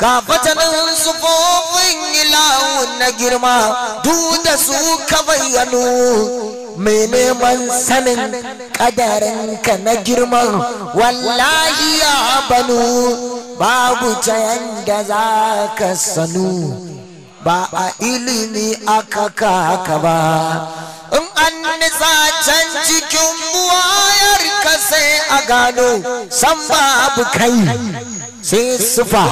ka fatanin sufofin ilawun na girma duk da su ka bayyano mai neman sanin kadarinka na girman wallahi ya banu babu ta za ka sanu ba a ilimi aka kaka ba in an nisa cikin wayar ka sai a gano san babu kai sai sufa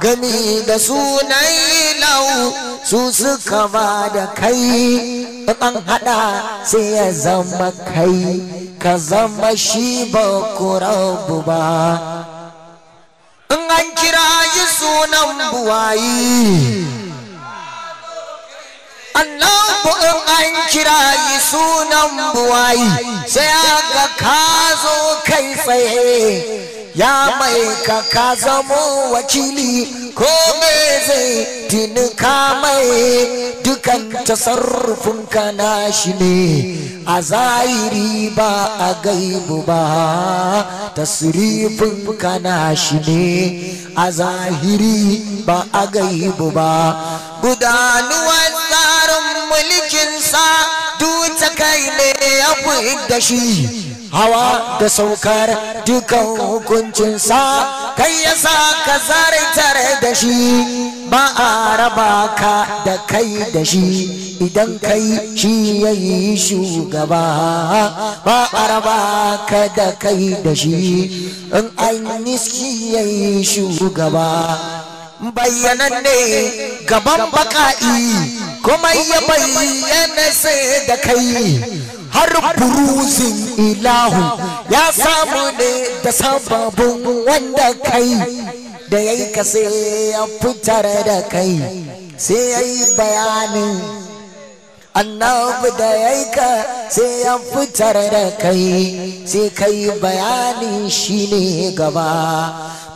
gami da sunan lau su suka ba da kai an hada sai ya zama kai ka zama shi ba rabu ba in an kira yi sunan buwayi annabu in an kira yi sunan buwayi sai aka ka zo kai tsaye ya mai kaka zamo wakili ko me zai tinuka mai dukan tasarrufin ka shi ne a zahiri ba a gaibu ba tasrifin ka shi ne a zahiri ba a gaibu ba gudanuwar tsarin mulkinsa rai ne ya da shi hawa da saukar dukan hukuncinsa kai ya sa ka tare da shi ba a raba ka da kai da shi idan kai shi ya yi shugaba ba a raba ka da kai da shi in an shi ya yi shugaba bayyananne gaban baka'i kuma ya bayyana sai da kai har buruzin ilahu ya samu ne da sababin wanda kai da ya yi ka sai ya fitar da kai sai ya yi bayanin annabi da ya yi ka sai ya fitar da kai sai ka yi bayanin shi ne gaba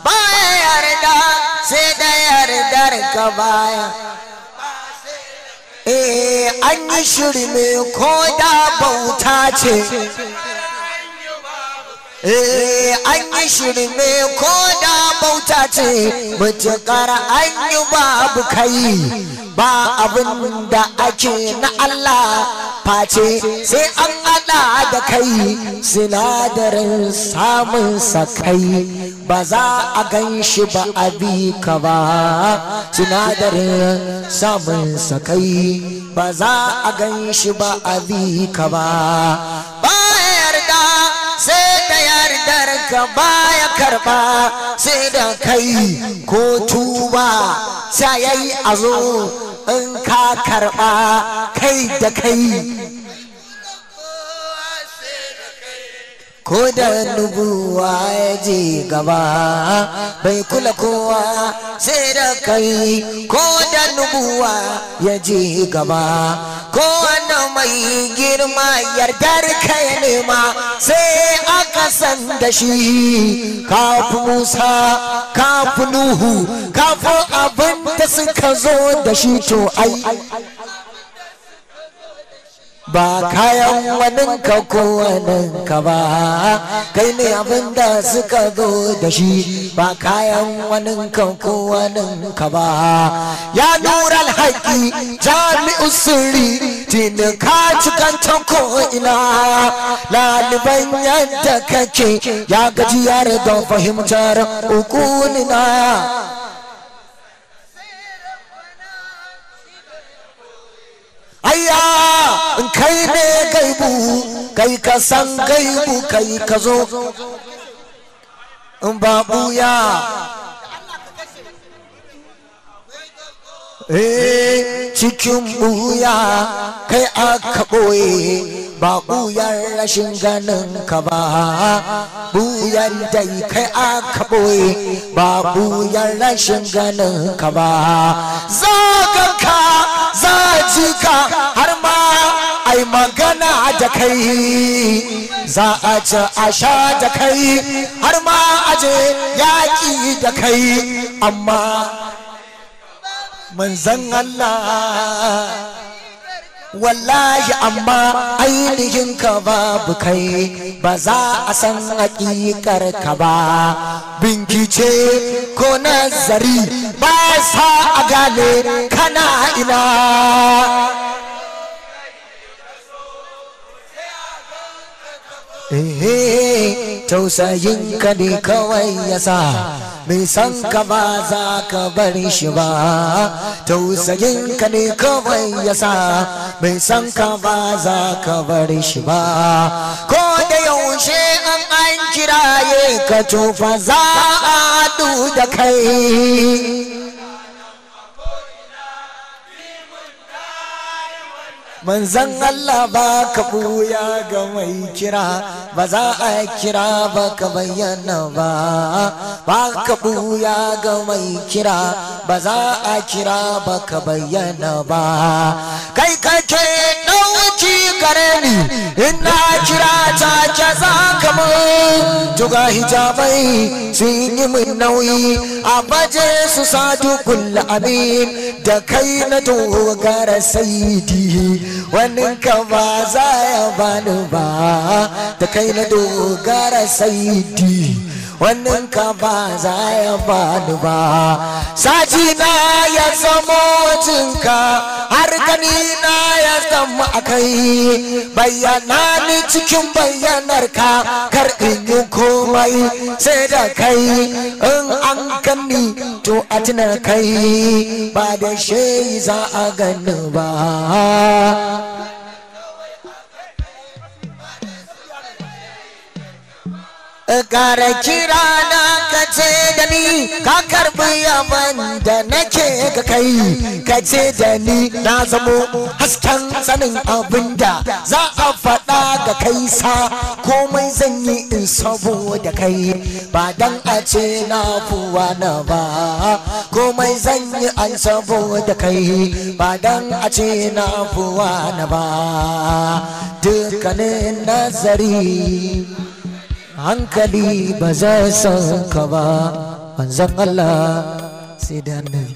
Bayan yarda sai da yardar ka baya eh an yi shirme ko da bauta ce Eh, an yi shirme ko da bauta ce mutukar an yi babu kai ba abin da ake na Allah face sai an ana da kai sinadarin samun sakai ba za a gan shi ba a bi ka ba sinadarin samun sakai ba za a gan shi ba a bi ka ba ka baya karba sai da kai ko tuba sai yayi azo in ka karba kai da kai ko da nubuwa ya je gaba bai kula kowa sai da kai ko da nubuwa ya je gaba ko wanda mai girma yardar ka nema sai aka san da shi kafu musa kafu nuhu kafu abin da suka zo da shi to ai ba kayan waninka ko waninka ba kai ne abin da suka zo da shi ba kayan waninka ko waninka ba ya nura alhaki jami'u sirri tini ka cikancan ko ina laliban yadda kake ya gaji gajiyar don fahimtar ukunina ayya kai ne gaibu kai ka san gaibu kai ka zo in ba buya eh, cikin buya kai aka ɓoye ba buyar rashin ganin ka ba buyar dai kai aka ɓoye ba buyar rashin ganin ka ba za ka ji har ma ai magana da kai za a ci a sha da kai har ma a je yaƙi da kai amma manzan Allah wallahi amma ainihin ka babu kai ba za a san hakikar ka ba bincike ko nazari ba sa a gane kana ina tausayin ka ne kawai ya sa mai san ka ba za ka bar shi ba tausayin ka ne kawai ya sa mai san ka ba za ka bar shi ba ko da yaushe an an kiraye ka tofa za a da kai manzan Allah ba ka buya ga mai kira ba za a kira ba ka bayyana ba ba ka buya ga mai kira ba za a kira ba ka bayyana ba kai ka ce ɗauki gare ni ina kira ta ce za ka mu tuga hijabai sun yi min nauyi a baje su sadu kulla amin da kai na dogara saidi wannan ka ba za ya bani ba ta kai na dogara saidi wannan ka ba za ya ni ba saji na ya samo cinka har gani na ya zama akai bayyana ni cikin bayyanar ka kar in yi komai sai da kai in an gani to a tuna kai ba da shi za a gani ba ƙara kirana na ka ce da ni ka karbi yaman da nake ka kai ka ce da ni na zamo hasken sanin abin da za a faɗa ga kai sa komai zan yi in saboda kai ba dan a ce na fuwa na ba komai zan yi an saboda kai ba dan a ce na fuwa na ba dukkanin nazari hankali ba zai san ka ba manzan Allah sai da annabi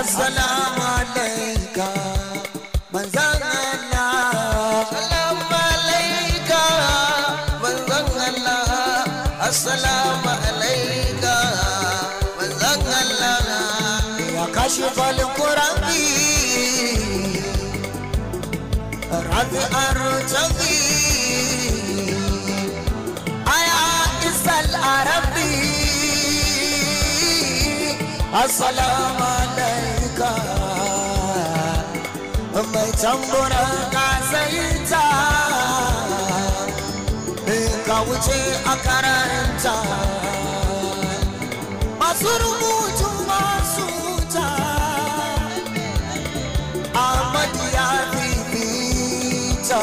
السلام عليك من زن الله السلام عليك من زن الله السلام عليك من زن الله يا كشف الكرب رفع ارتضي يا عيسى العربي السلام عليك mai tamburin ta. me ka wuce a karanta masu rubutu masu ta amadu ya fifita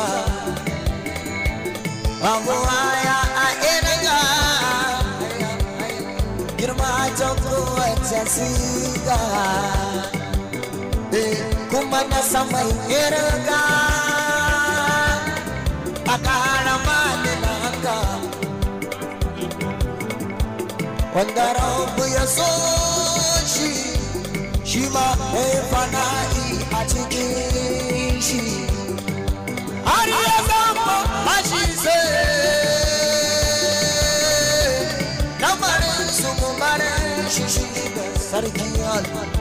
abuwa ya a inaga girma ta kowace siga saman irga a ƙara malinanka wanda rabu ya so shi shi ma mai fana'i a cikin shi har ya zama mashi sai su mu barin shi shi da sarki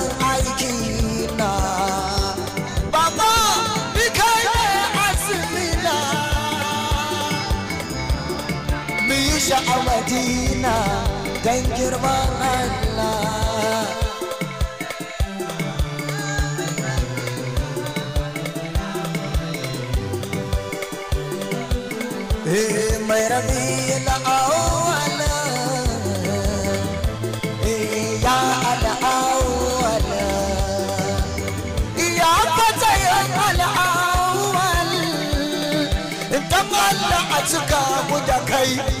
حمدينا تنكر بغنا إيه مرمي الأول إيه يا الأول يا فتي الأول أنت طلعتك مدكي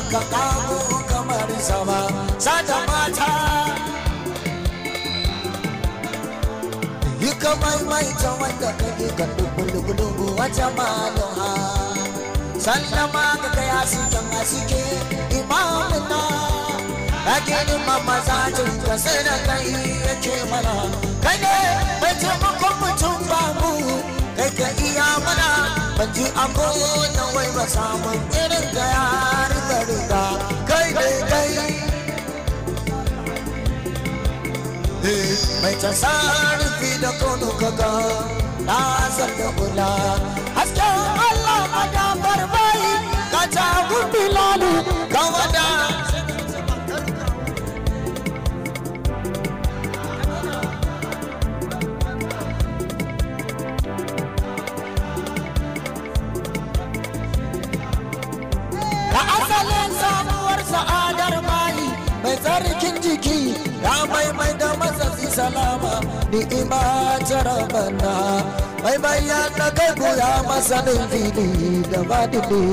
baka kamo kamar sama sata mata yi ka maimaita wanda kake ka dubulugulugu wata maluha sallama ga kaya su jama suke imamuna ake nima mazajen ka sai da kai yake mana kai ne mutum mutum ba mu kai ka iya mana ban a abu na wai ba samun irin eh, ka ya riga riga kai kai kai mai fi da kono kaga na san da kula hasken Allah madambar bai ka ta gudu lalu ka wada sa'adar mali mai tsarkin jiki ya maimai da matsatsi salama ni ima jarabana mai bayan na kai ya masa fili da badili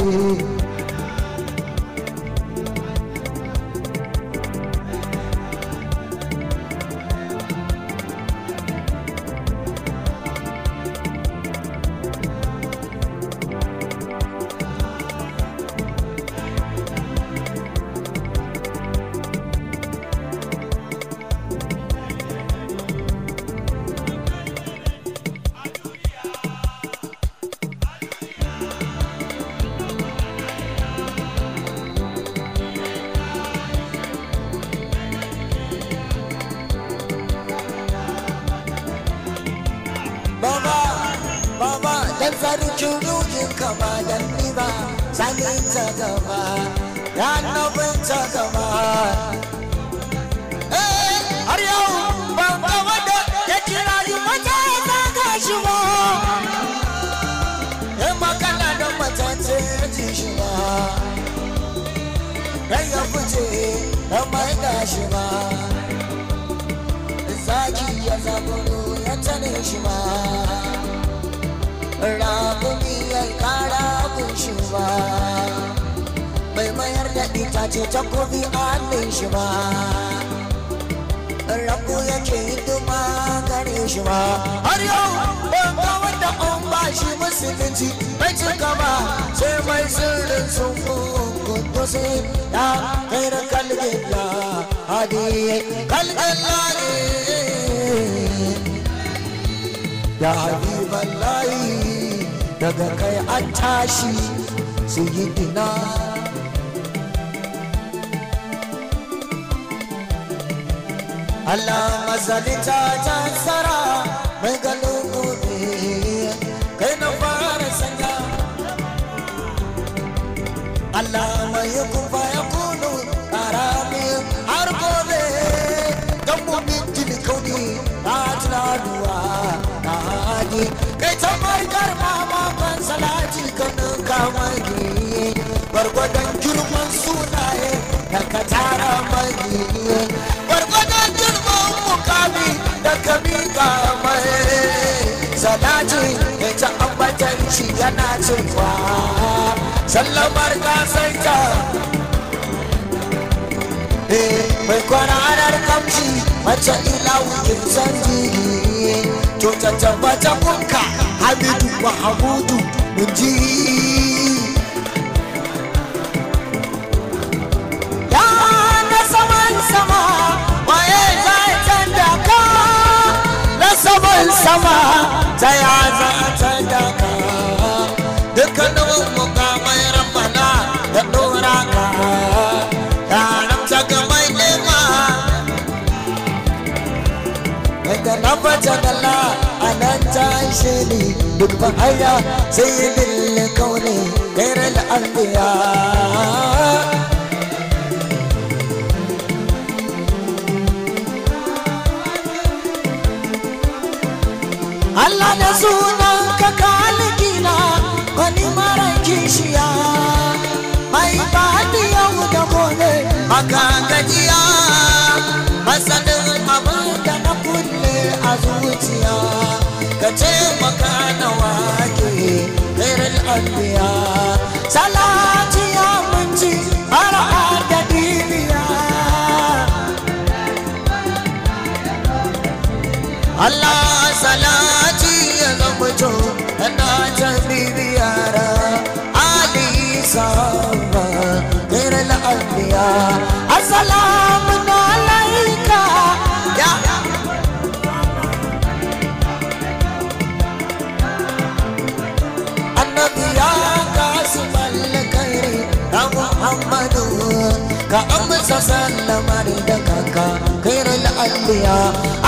ka amsa sallama da kaka khairul anbiya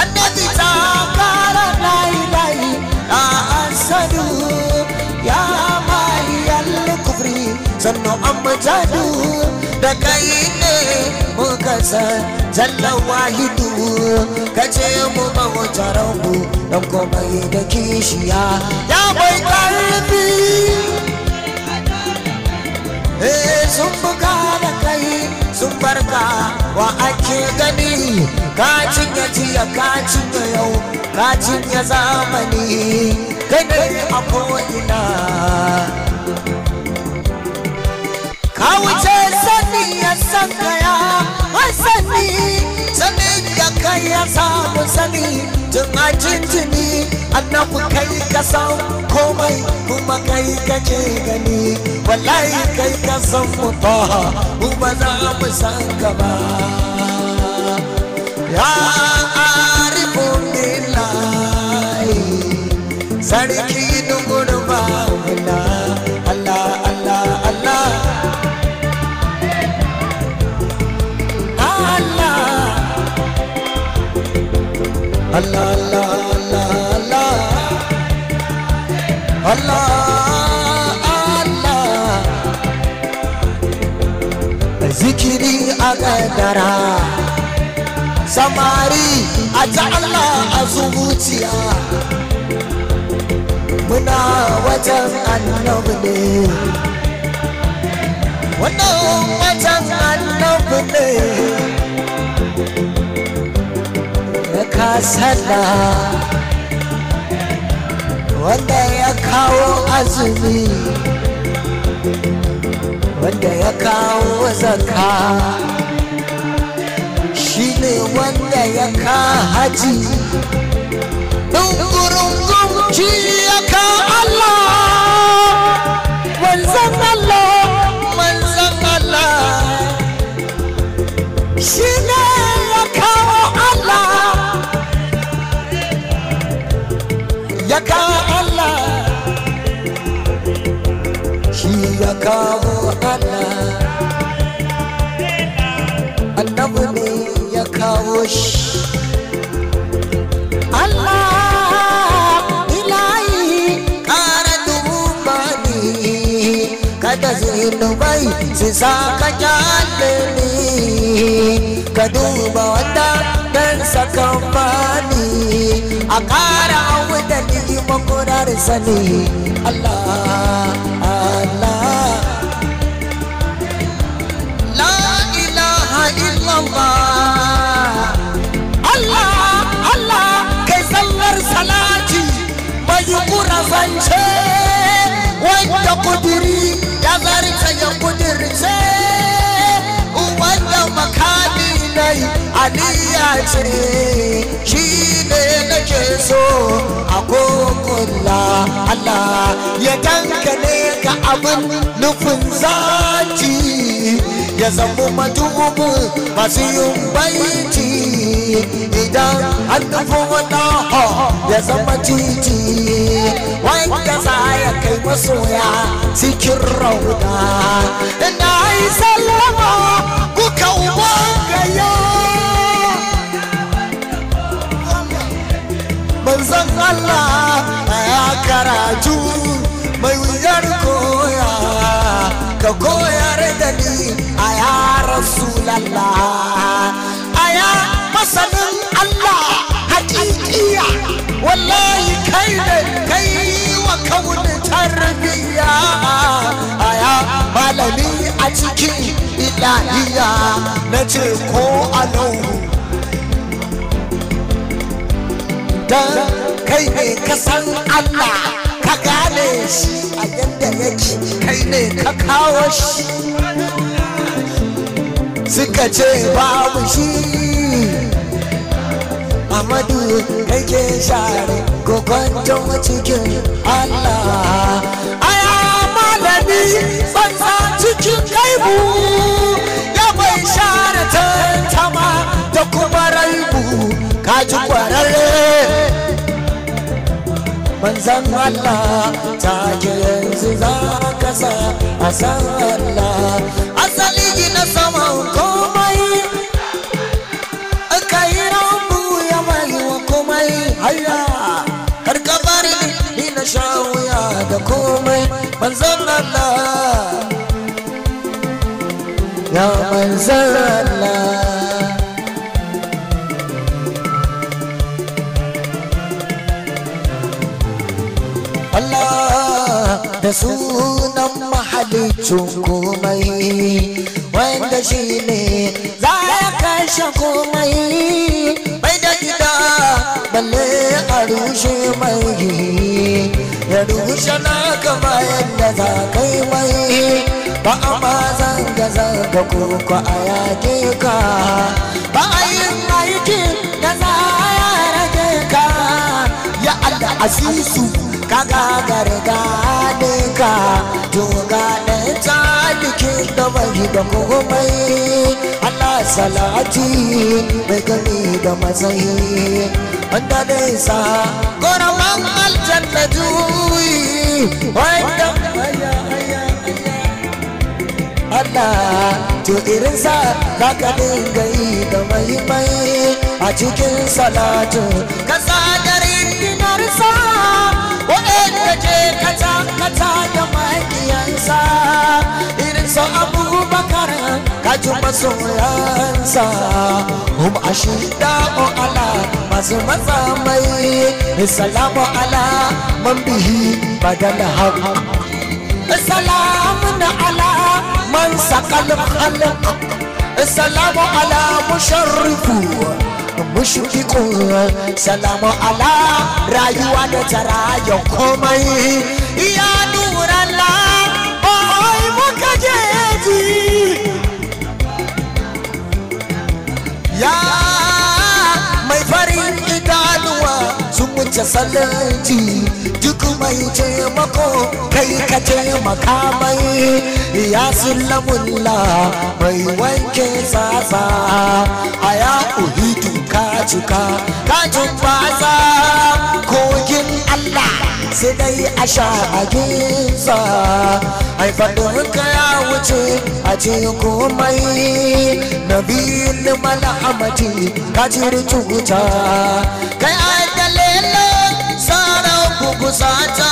annabi ta kara layi layi a asadu ya maliyal kufri sannu jadu da kai ne muka san jalla wahidu kace mu ba mu mu dan yi da kishiya ya bai karfi Hey, eh, sun buga da sun barka wa ake gani ka cinye jiya ka cinye yau ka cinye zamani ne a ko'ina ka wuce sani ya san kaya sani sani kai ya samu sani tun a jinjini annabu kai ka san komai kuma kai kake gani wallahi kai ka san mu kuma za mu san ka ba ya arifun billahi sarki Allah Allah Allah Allah Allah Allah zikiri a samari a ta Allah a zuciya muna watan annabi ne wannan watan annabi ne ka wanda ya kawo azumi wanda ya kawo zaka shi ne wanda ya ka haji ɗungurungun shi ya ka Allah wanzan ɗaukaka Allah shi ya kawo Allah annabi ne ya kawo shi Allah ilahi ƙara duba ne kada zunubai su sa ka kyale ni ka duba wata don sakan bani a ƙara bi makonarin sani Allah Allah La ilaha illallah Allah Allah kai sallar salati mai kura zance wanda kudiri ya zarta ya kudirce wanda makani nai aliya ce shi ne nake so a kokulla Allah ya dankane ka abin nufin zati ya zamo matubu masu yin baiti idan an nufi wata ya zama titi wanda za ya kai masoya cikin rauna ina na yi gaya manzan Allah ya karatu mai wuyar koya ka koyar da ni a ya rasulallah a ya masanin Allah hakikiya wallahi kai ne kai wa kawun tarbiyya a ya malami a cikin lahiya na ce ko alau don kai ne ka san Allah ka gane shi a yadda yake kai ne ka kawo shi suka ce babu shi Amadu kake share gogon cikin Allah aya malami tsantsa cikin kaibu mai share tantama da kuma raibu kaji kwararre manzan Allah ta ke yanzu za ka sa a san Allah asali na saman komai ka yi rambu ya mai wa komai haya karkabari ni na sha wuya da komai manzan Allah ya manzan Allah Allah da sunan mahalicin komai wanda shi ne za ya kashe komai bai da gida balle a rushe mai ya shana kama yadda da za kai mai ba a ma zanga zanga koko a yake ka ba a yin aiki da za a rage ka ya Allah asisu ka gagara gane ka to gane ta da bai da komai Allah salati mai gani da matsayi wanda dai sa gorawan aljanna juyi wanda Allah to irin sa ka dinga yi da mai a cikin salatu ka tsadarin dinar sa ka je ka ta da maƙiyansa sa abubakar kaji masoyansa hum ashida o ala masu matsa mai salamu ala man bihi badal haq na ala man sakal khalq salamu ala musharrifu mushrikun salamu ala rayuwa da tara ya komai ya nura Allah ya mai farin idanuwa sun wuce salati duk mai taimako kai ka taimaka mai ya sulamulla mai wanke tsatsa a ya uhidu ka cika ka cin ko Allah sai dai a sha abinsa ai faɗinka ya wuce a ce komai nabiyin mala'amati ka ciri cuta kai adalilo tsarar kukusata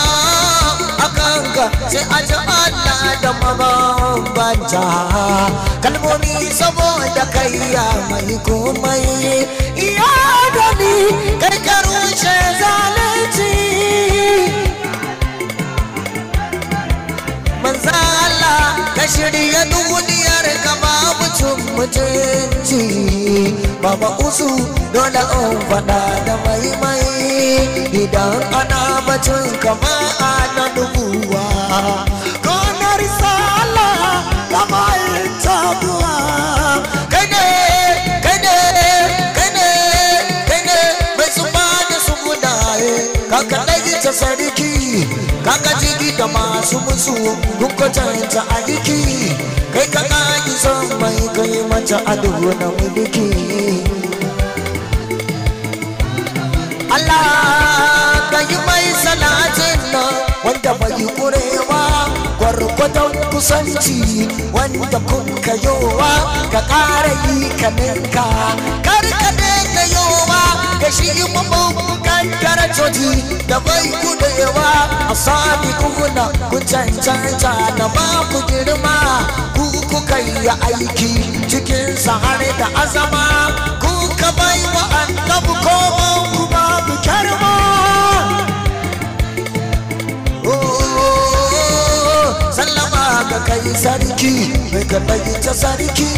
akan ka sai a ji Allah da mabambanta kalmomi saboda kai ya mai komai iya gani karkarushe zalunci manza Allah ka shirya duniyar ka babu cin mutunci baba usu dole in faɗa da maimai idan ana bacin kama ana dubuwa su musu hukwatanta a jiki kai ka ƙaƙi son mai kai mata ado na mulki Allah ka yi mai salatin nan wanda bai ƙurewa gwargwadon kusanci wanda kun kayowa ka ƙara yi kaninka kar ga shi mabukan karajoji da bai kudewa a sami kuna ku cancanta da ba ku girma ku kuka yi aiki cikin sahari da azama ku ka bai wa annabu ko ku babu kyarma ga kai sarki mai ka ta sarki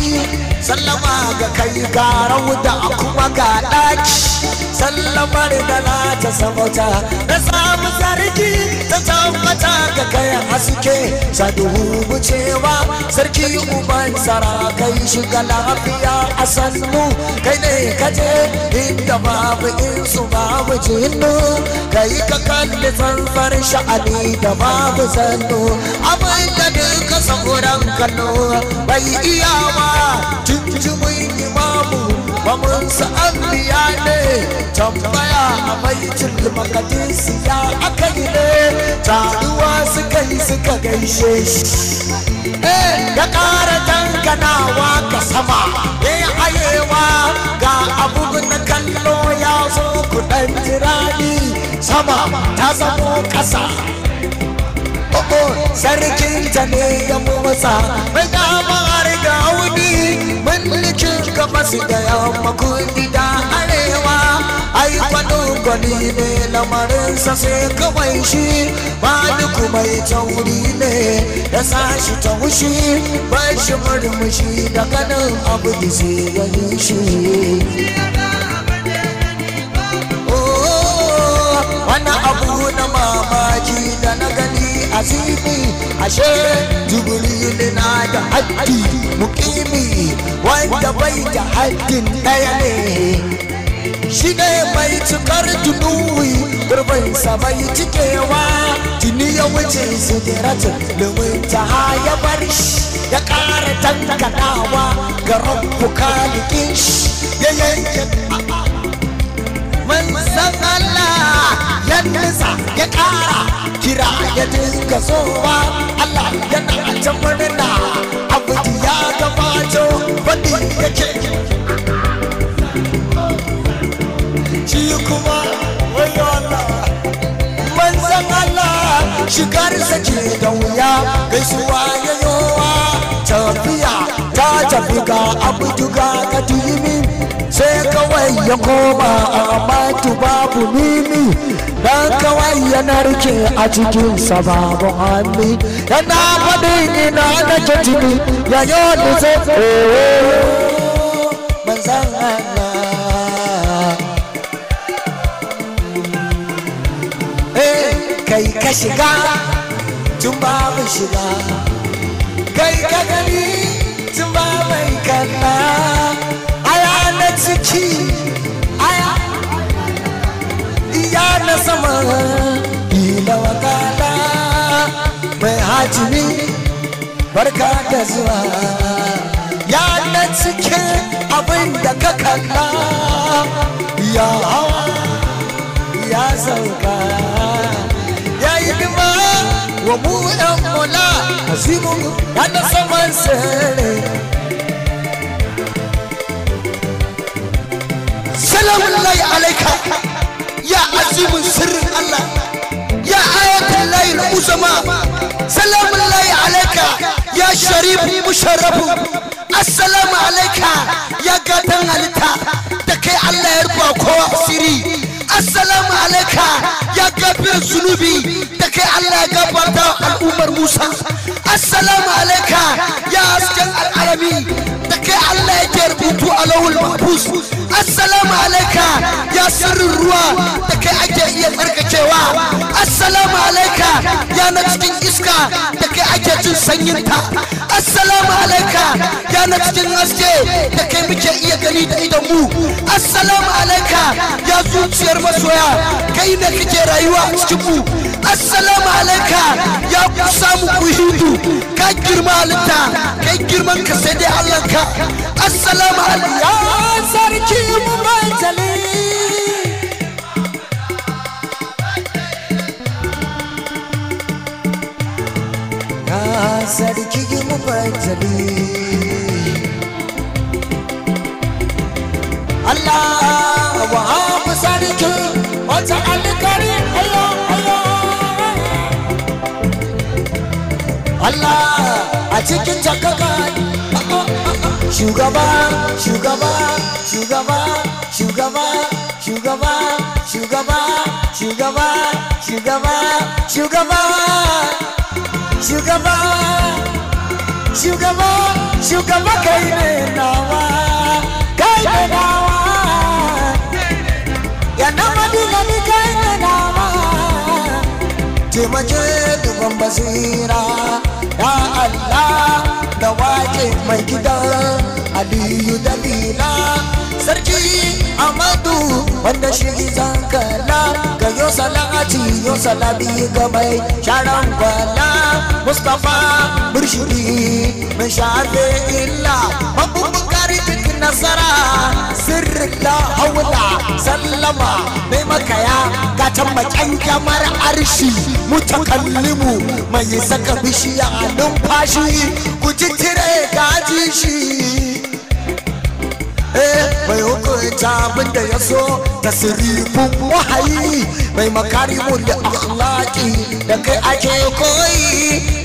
sallama ga kai garau da kuma ga ɗaki sallamar da na ta samauta na samu sarki ta tabbata ga kai haske saduhu wucewa sarki uban sara kai shiga lafiya a sannu kai ne kaje inda babu insu babu jinnu kai ka kalli sanfar sha'ani da babu sanu abin da ne duka tsagoran kallo bai iya ma tuntumin imamu mamun sa'an biya ne tambaya a mai makadisi ya aka yi ne taruwa suka yi suka gaishe shi eh, ya ƙara danganawa ka sama ya eh, yi ayewa ga abubu na kallo ya zo kudan jirani sama ta zamo ƙasa ko sarkin ta ne ya motsa mai dama har da audi mulkin gabas da yamma kudi da arewa ai kwado gwani ne lamarinsa sai kawai shi ba duku mai tauri ne ya sa shi ta wushi ba shi murmushi da ganin abu da sai ya yi shi wani abu hasimi ashe jubili na da haddi mukimi wanda bai da haddin daya ne shi ne mai cikar tunuwi gurbinsa mai cikewa tuni ya wuce sidiratin limin ta ya bar shi ya ƙara tankanawa ga rabu kalikin shi ya yanke manzan Allah ya nisa ya ƙara kira ya dinga sowa Allah yana can murna abuji ya gabato wani yake shi kuma wayo Allah manzan Allah shigarsa ke da wuya gaisuwa ya yowa tafiya ta tafi ga abuji ga ka sai kawai ya koma amma babu nini dan kawai ya narke a cikin babu hannu yana faɗi ina na jini ya yi wani zai eh, kai ka shiga tun babu shiga kai ka gani sama ila wakala mai hajimi barka da zuwa ya na cikin abin da ka kalla ya hawa ya sauka ya yi bima wa buɗan mula ya na saman sere salamun lai alaika ya azimin sirrin Allah ya ayatan layil uzama salamun layi alaika ya sharifu musharrafu assalamu alaika ya gatan halitta da kai Allah ya rufa kowa asiri assalamu alaika ya gafiyar zunubi da kai Allah ya gabata al'ummar Musa assalamu alaika ya hasken al'arami Allah yake rubutu a lawul mahfuz assalamu alayka ya sirrin ruwa da kai ake iya tsarkakewa assalamu alayka ya na cikin iska da kai ake jin sanyinta assalamu alayka ya na cikin haske da kai muke iya gani da idan mu assalamu alayka ya zuciyar masoya kai ne kake rayuwa a cikin mu assalamu alaika ya ku samu ku hidu ka girma halitta kai girman ka sai dai allah ka assalamu alaika ya sarki mu majali ya sarki mu majali Allah wa abu sarki wata alkari Allah a cikin jakaka shugaba shugaba shugaba shugaba shugaba shugaba shugaba shugaba shugaba shugaba shugaba shugaba kai ne nawa kai ne nawa ya na madina ni kai ne nawa taimake gidan basira ya Allah da wake mai gidan aliyu dalila sarki amadu wanda shi zan kala ga yo salati yo salabi ga mai sharan kwala mustafa burshidi mai shafe illa babu bukari nasara sirrin la haula sallama mai makaya gatan macan kyamar arshi mutakallimu mai saka bishiya numfashi ku ji tire gaji shi eh bai hukunta abin da ya so tasirifin sirifin wahayi bai makarimun da akhlaki da kai ake koyi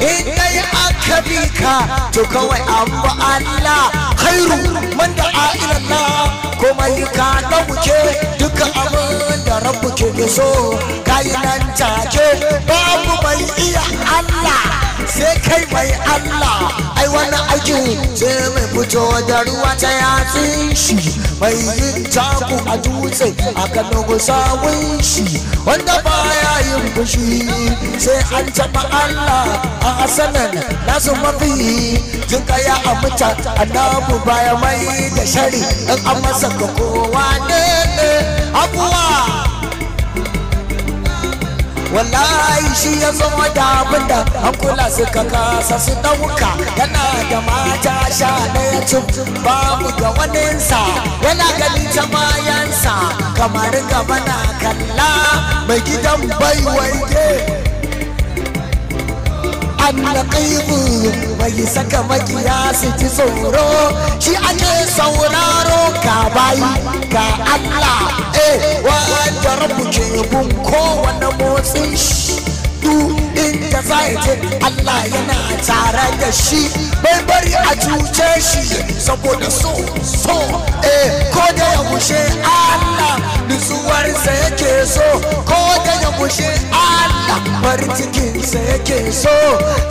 in dai aka bi ka to kawai abu Allah khairu man da ilallah komai ka dauke duka abin da rabu ke so kayi nan take babu mai iya Allah sai kai mai Allah ai wani aikin sai mai fito da ruwa ta shi mai yin taku a dutse aka kano gusawun shi wanda ba ya yi fushi sai an taɓa Allah a asanan nasu mafi jinka ya amuta annabu baya mai da shari in an masa kowa ne abuwa wallahi shi ya zo da abinda an kula suka kasa su dauka yana da mata sha daya cin babu ga waninsa yana gani ta bayansa kamar gaba na kalla mai gidan baiwaye annaqibu mai saka makiya su ci tsoro shi ake sauraro ka bayi ka Allah eh wanda rabu ke bin kowane motsin shi da zai Allah yana tare da shi bai bari a cuce shi saboda so so eh ko da ya mushe Allah nutsuwarsa yake so ko da ya mushe Allah bari cikinsa yake so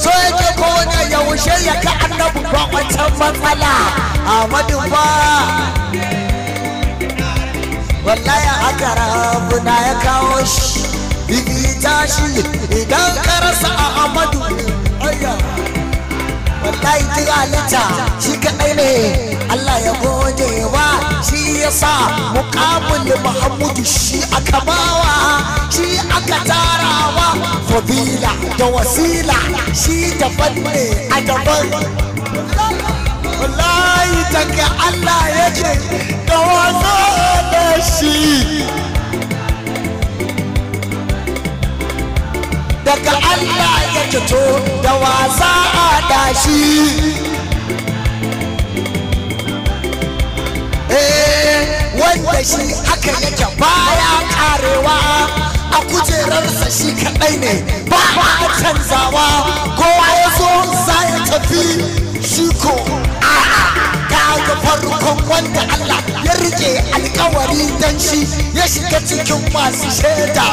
so yake ko da ya mushe ya ka annabu ba wancan matsala Ahmadu ba wallahi akara buna ya kawo shi tashi idan rasa a amadu wallahi kira lita shi kaɗai ne Allah ya gode wa shi ya sa muƙamin muhammadu shi aka bawa shi aka tarawa fabila da wasila shi daban ne a daban wallahi daga Allah ya ce da wazo da shi daga Allah ya fito da wasa a dashi eh, wanda shi aka yake baya karewa a kujerarsa shi kaɗai ne ba a canzawa kowa ya zo za ya tafi shi ko a'a daga farkon wanda Allah ya rike alkawari dan shi ya shiga cikin masu shaida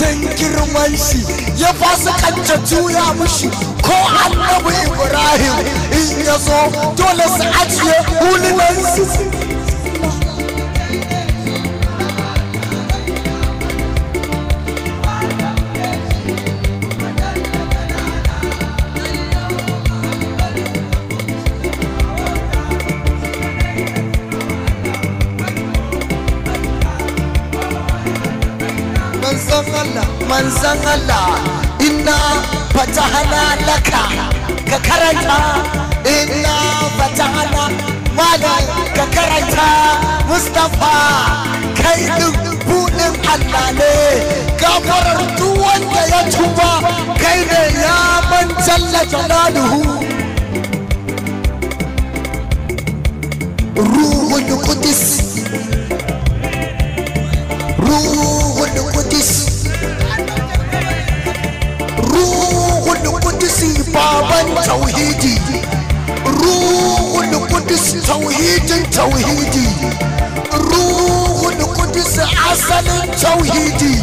dan girman shi ya fasa kanta juya mushi ko annabi Ibrahim in ya zo dole su ajiye hulunansu manzan Allah inna fatahana laka ka karanta inna fatahana ka karanta kai din buɗin Allah ne gafarar wanda ya tuba kai ne ya man jalla jalaluhu ruhul qudus ruhul qudus ruhul kudusi baban tauhidi ruhul kudus tauhidin tauhidi ruhul kudus asalin tauhidi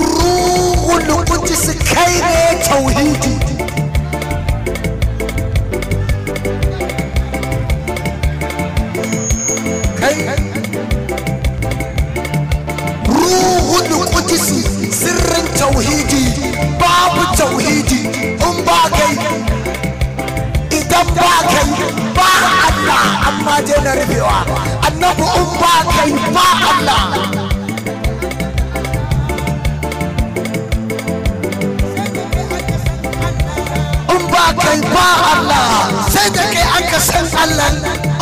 ruhul kudus kai ne tauhidi kai ba Allah sai da kai aka san Allah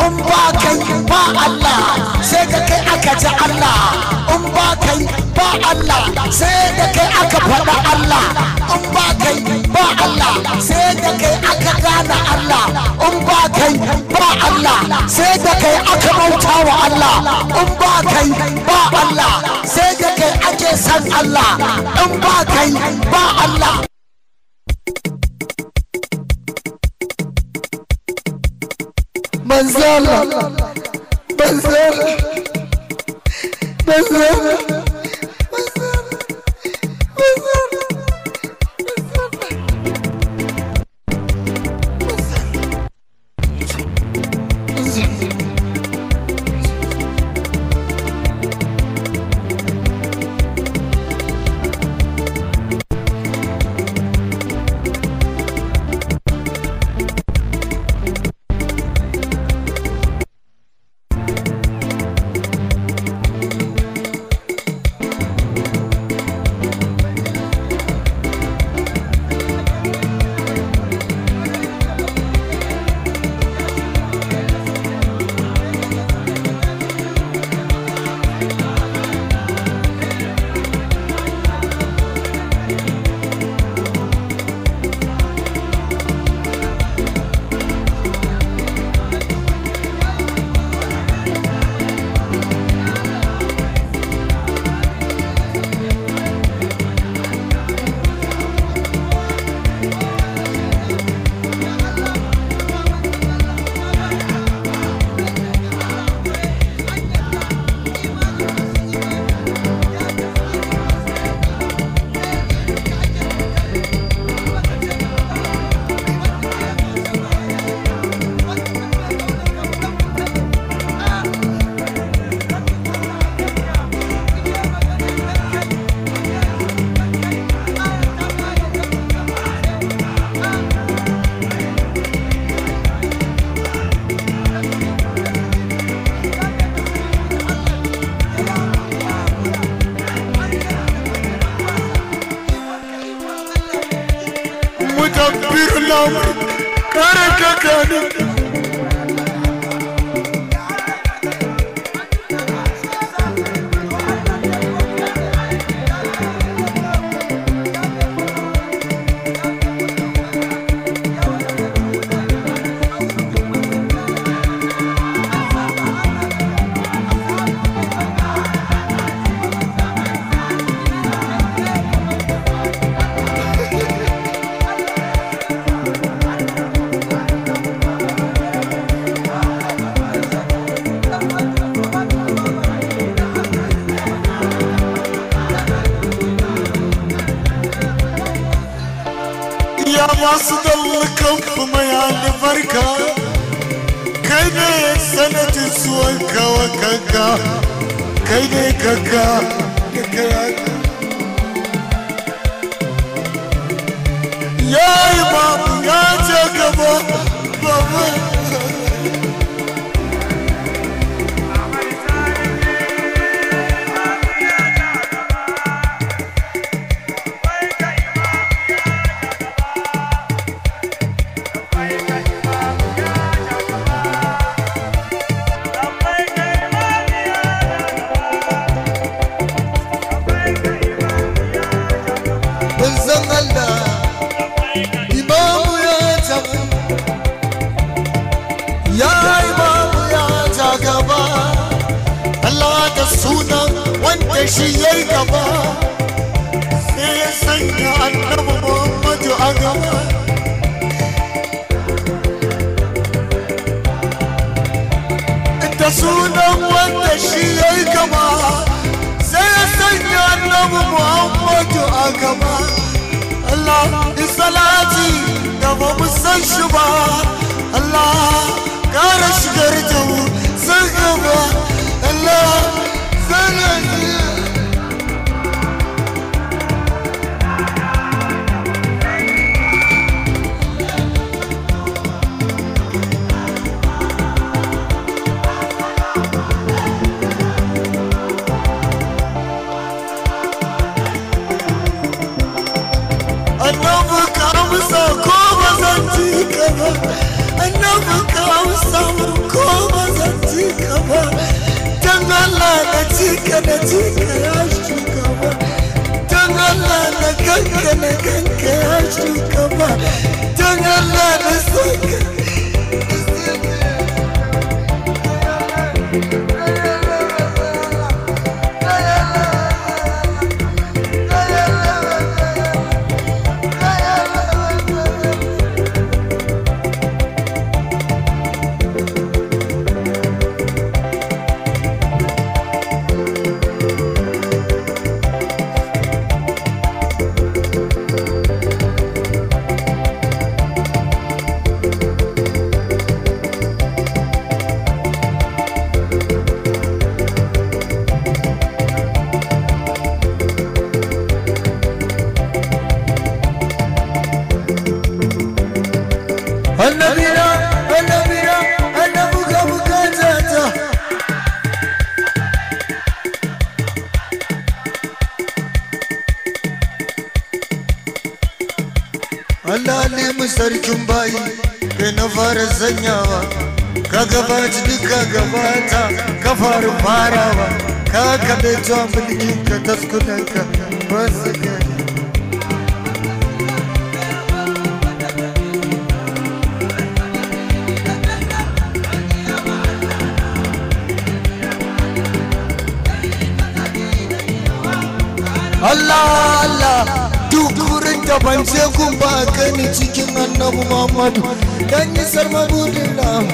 in ba kai ba Allah sai da kai aka ji Allah in ba kai ba Allah sai da kai aka faɗa Allah in ba kai ba Allah sai da kai aka gane Allah in ba kai ba Allah sai da kai aka bauta wa Allah in ba kai ba Allah sai da kai ake san Allah in ba kai ba Allah بنزل بنزل بنزل do, do. albarka kai ne sanatin suwanka wa kanka kai ne kanka da kai ya ya ce gaba sanyawa ka gabaci ka gabata ka faru farawa ka kaɗe tuwa ka taskudanka ba su gani Allah Allah duk wurin da ban sai kun ba gani cikin annabi Muhammadu Kanyi sarma budinam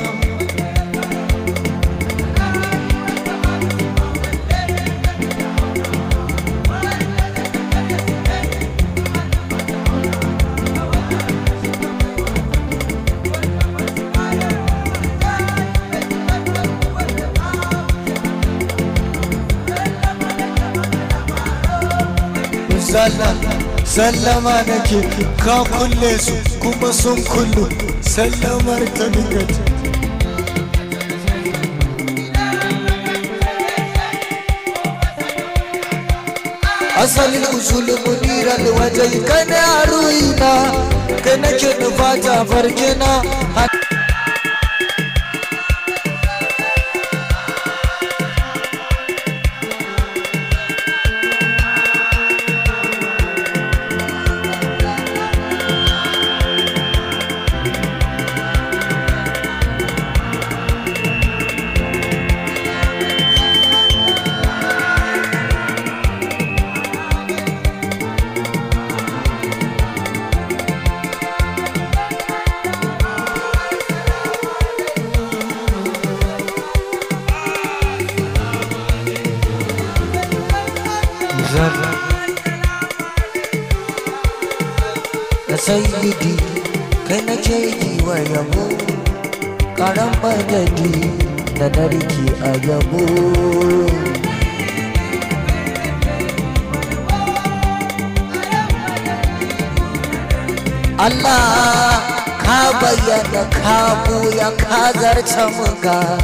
سلم سلم عليك كم كل سو كم سوم كله sallamar ta duka asalin usul munira da wajen kana mulkin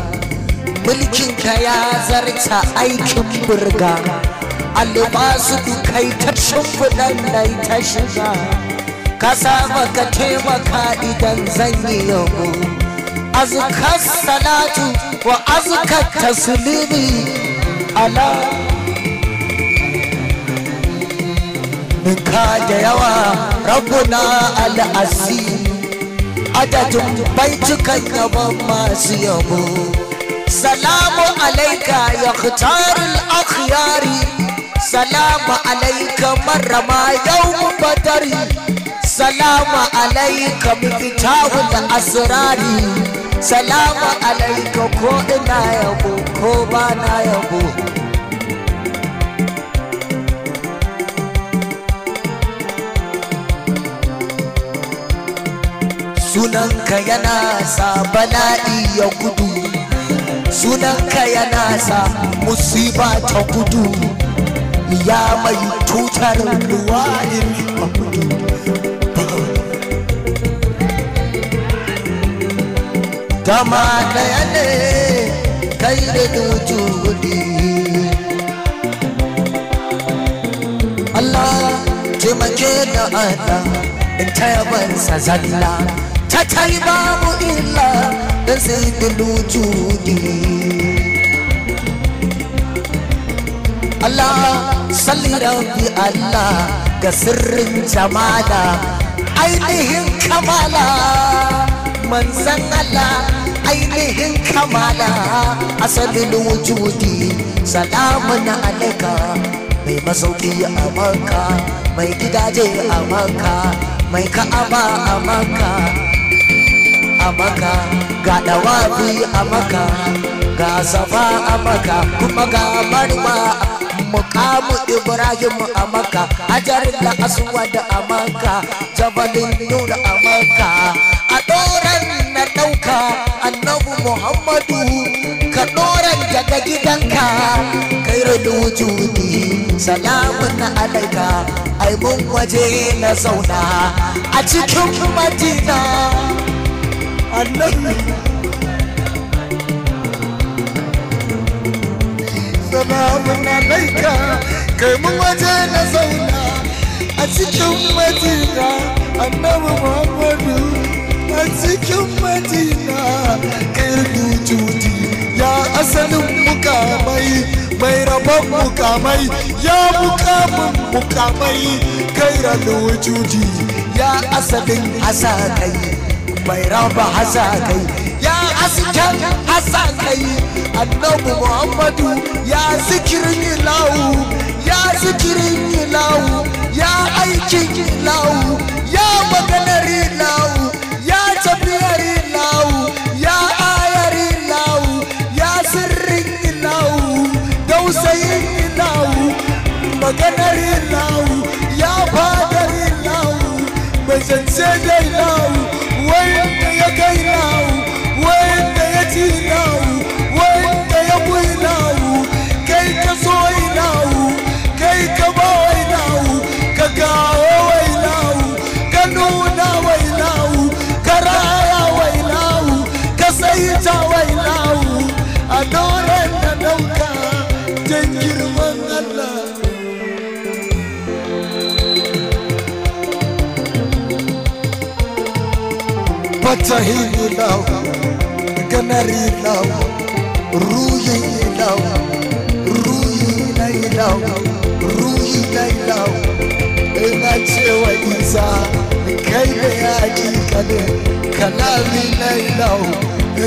mulkinka ya zarta aikin burga albasu kai ta shimfiɗan dai ta shiga ka saba ka taimaka idan zan yi yabo azkar salatu wa azkar taslimi ala nika da yawa rabbuna al'asir adadin baitukan gaba masu yabo salamu alaika ya kutarul akhyari salamu alaika marama yau badari salamu alaika mikitahul asirari salamu alaika ko ina yabo ko ba na yabo sunanka yana sa bala'i ya gudu sunanka yana sa musiba ta gudu ya mai tutar ruwa'in mafudu gama ɗaya ne kai da dutu wuri Allah taimake da Allah in tayabansa zalla kai babu illa da sai ka dutu Allah salli rabbi Allah ga sirrin jamala ainihin kamala manzan Allah ainihin kamala asalin salama salamun alaka mai masauki a mai gidaje a mai ka'aba a a maka ga dawafi a maka ga safa a kuma ga marma mukamu ibrahim a maka ajar da asuwa da a maka jabalin nura a maka a doran na dauka annabu muhammadu ka doran daga gidanka kairar wujudi salamun alaika ai waje na zauna a cikin madina annabi salamun kai mu waje na zauna a cikin madina annabi muhammadu a cikin ya asalin mukamai mai rabon mukamai ya mukamin mukamai kai ya asalin asakai mai raba hasakai ya hasken hasakai annabi muhammadu ya zikirin ilahu ya zikirin ilahu ya aikin ilahu ya maganar ilahu ya tafiyar ilahu ya ayar ilahu ya sirrin ilahu dausayin ilahu maganar ilahu ya fadar ilahu mai zance da Matahililau, Ganarilau, Ruyilau, Ruyinailau, Ruyinailau, ina cewa isa kai da yaƙi kaɗe kalami lailau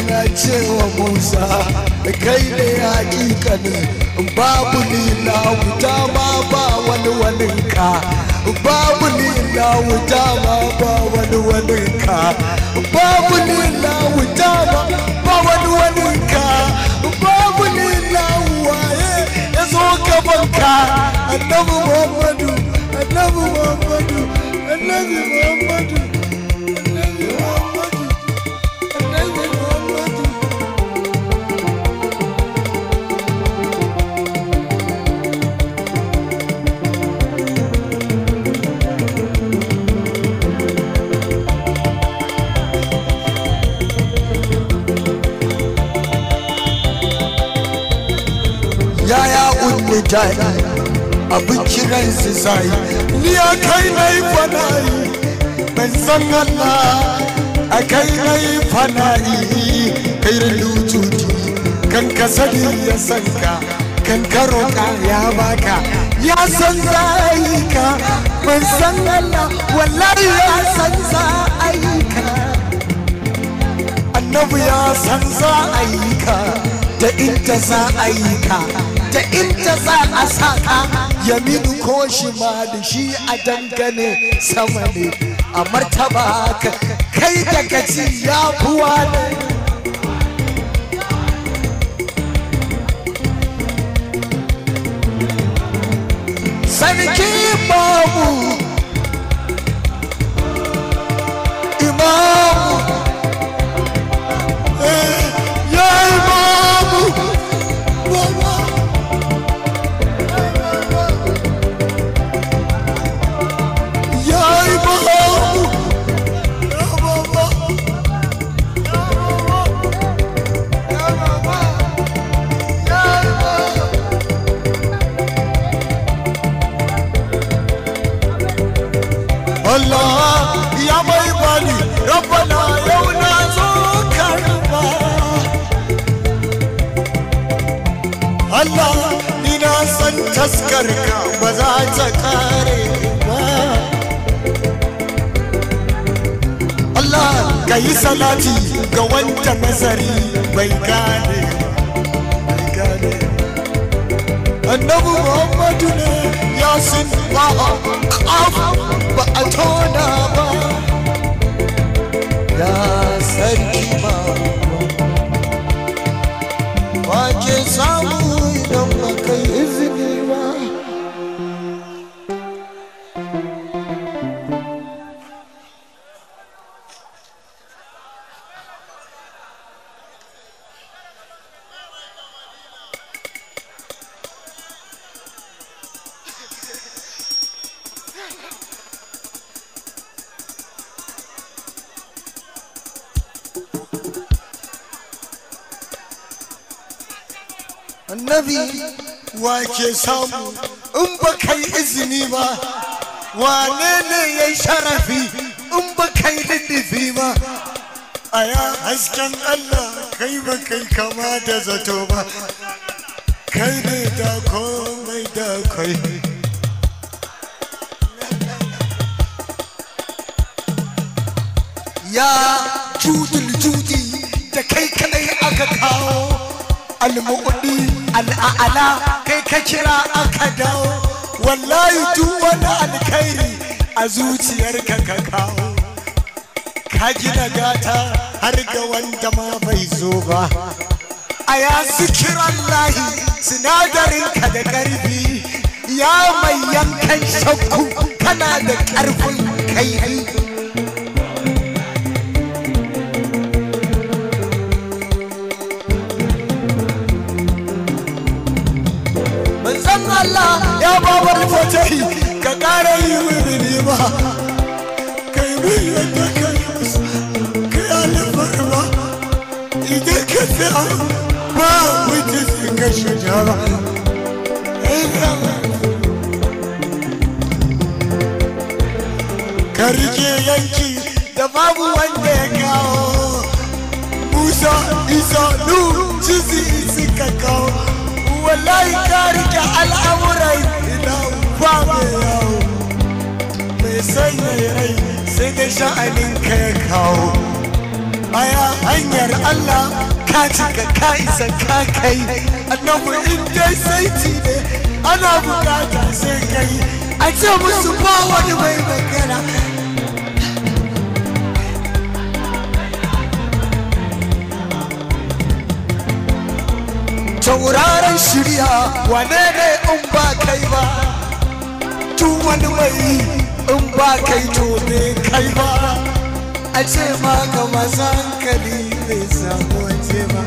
ina cewa musa kai da yaƙi kaɗe babu lilawu dama ba wani waninka babu lilawu dama ba ni waninka babu nina wutama ba wani waninka babu nina waye ya zo gabanka annabi muhammadu annabi jaye abin kiran su zai ni a kai na yi fana'i ban san Allah a kai na yi fana'i kai da lututi kan ka sani ya san ka kan ka roƙa ya baka ya san zai ka ban san Allah wallahi ya san zai ka annabi ya san zai ka da inda za a yi ka ta inda za a saka yaminu ko shi ma da shi a dangane sama ne a martaba ka kai da gaji ya buwa ne sarki babu kai ba kai kama da zato ba kai ne da komai da kai ya judul judi da kai kadai aka kawo almu'udi al'ala kai ka kira aka dawo wallahi duk wani alkhairi a zuciyarka ka kawo ka gina gata har da wanda ma bai zo ba a ya zikiran lahi sinadarinka da ƙarfi ya mai yankan shakku kana da ƙarfin kai Allah ya babar fotai ka ƙara yi ba ثقة ما وجدت yanki da babu wanda ya kawo musa isa nu cizi suka kawo wallahi ka rike al'amurai ina ba mai yawo mai sanya rai sai da sha'anin ka ya kawo baya hanyar allah ka cika ka isa kai annabu in saiti ne ana bukata sai kai a ce musu ba wani mai magana tauraron shirya wane ne in ba kai ba tun wani mai in ba kai to ne kai ba a ce ma ga mazan kali bai ba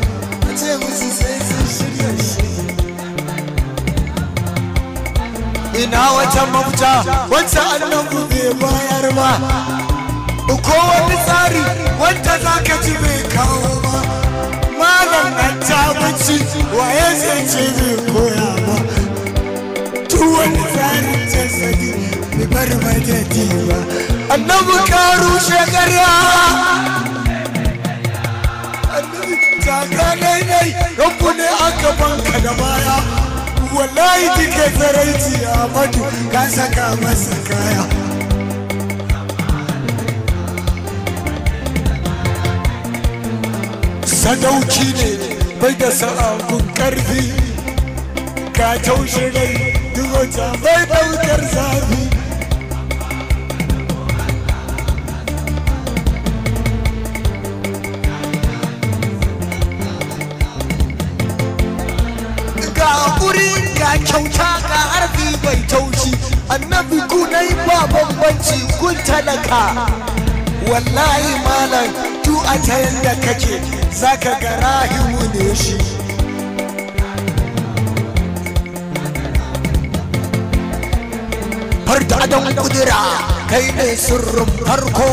ina wajen mafita wacce annabu bai bayar ba ko tsari wanda za ka bai kawo ba malam na tabaci waye zai ce zai koya ba tu tsari ce jasadi bai bar ta ba annabu ka rushe ƙarya taka daidai ranku ne aka banka da baya wallahi jike tsaraici ya madu ka saka masa kaya sadauki ne bai da karfi ka taushe rai duk wata zafi haƙuri ga kyauta ga arzi bai taushi annabi ku na yi ba bambanci kun talaka wallahi malam tu a ta yadda kake zaka ga rahimu ne shi farta adam kudura kai ne sirrin farko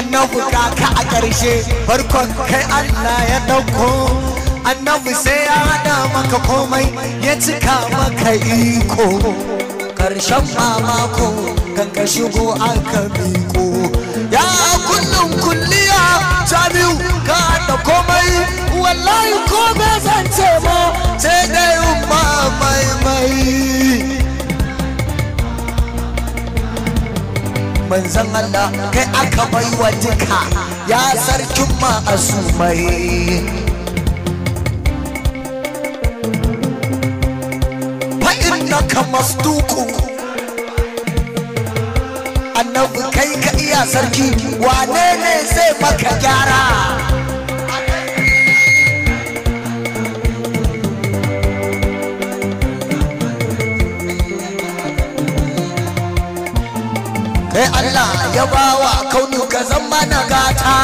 annabi ka ka a ƙarshe farkon kai allah ya ɗauko annabi sai ya hada maka komai ya cika maka iko karshen mamako ganga shigo aka miko ya kullum kulliya jami'u ka hada komai wallahi ko ba zan ce ma sai dai umma mai mai manzan Allah kai aka bai wa duka ya sarkin ma asumai innaka duku annabu kai ka iya sarki wane ne zai maka gyara kai Allah ya bawa kauni ka zama na gata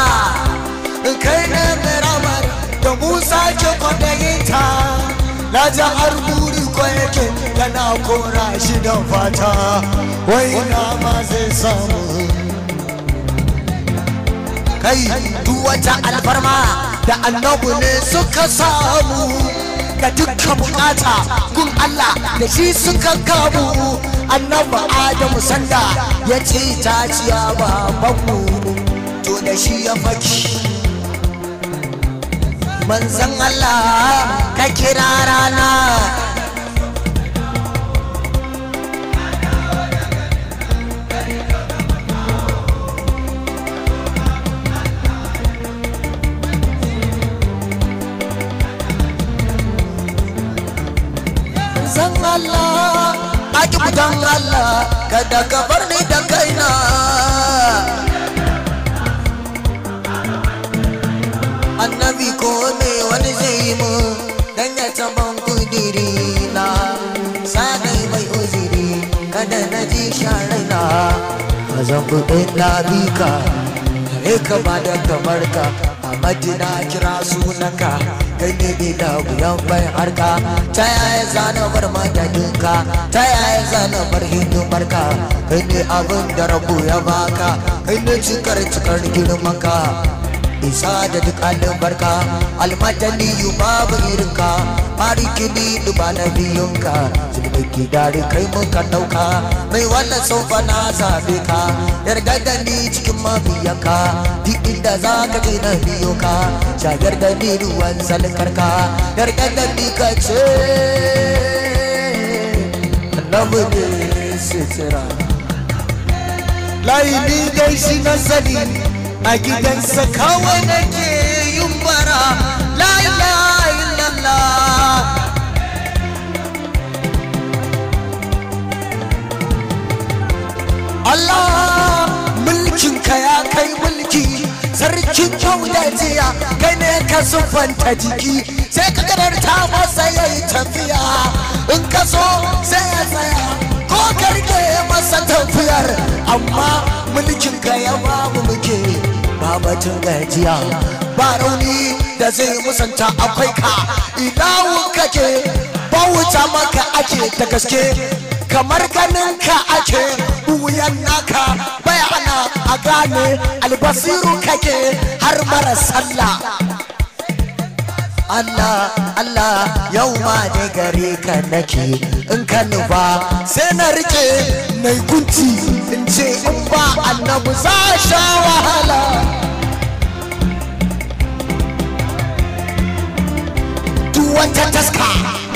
kai ne mai ramar da Musa ke ta na ji har buri na kora shi da fata wai na ma zai samu kai duwata wata alfarma da annabu ne suka samu da dukkan bukata kun Allah da shi suka kamu annabi Adamu sanda ya ce ta ciya babu. to da shi ya faki manzan Allah ka kira rana dan Allah kada ka bar ni da kaina annabi ko ne wani zai yi mu dan ya taban kudiri na sanai mai uziri kada na ji sharaina ba zan kuɗin labika kare ka ba da kamar ka a madina kira sunanka karbe da wuyan bai harka ta yaya zana bar madadinka ta yaya zana bar hidimar ka kai ne abin da rabu ya baka kai ne cikar cikar girmaka. isa da duk albarka yu babu irinka marikini duba na biyunka zulmi dare kai muka dauka mai wannan sofa na zabe ka yarda da ni cikin mabiyanka duk inda za ka je na biyoka. ka da ni ruwan salkarka yarda da ni ka ce annabi ne sitira layi ni gaishe na sani a gidansa kawai nake yin bara la ilaha illallah Allah mulkinka ya kai mulki sarkin kyau da jiya kai ne ka sufanta jiki sai ka gadar ta masa ya yi tafiya in ka so sai ya tsaya ko karke masa tafiyar amma mulkinka ya babu muke babacin gajiya ba rauni da zai musanta akwai ka idawun kake bauta maka ake ta gaske kamar ganin ka ake wuyan naka bayana a gane albasiru kake har mara sallah Allah Allah yau ma ne gare ka nake in ka nufa sai na rike na gunci in ce in ba annabu za sha wahala duk wata taska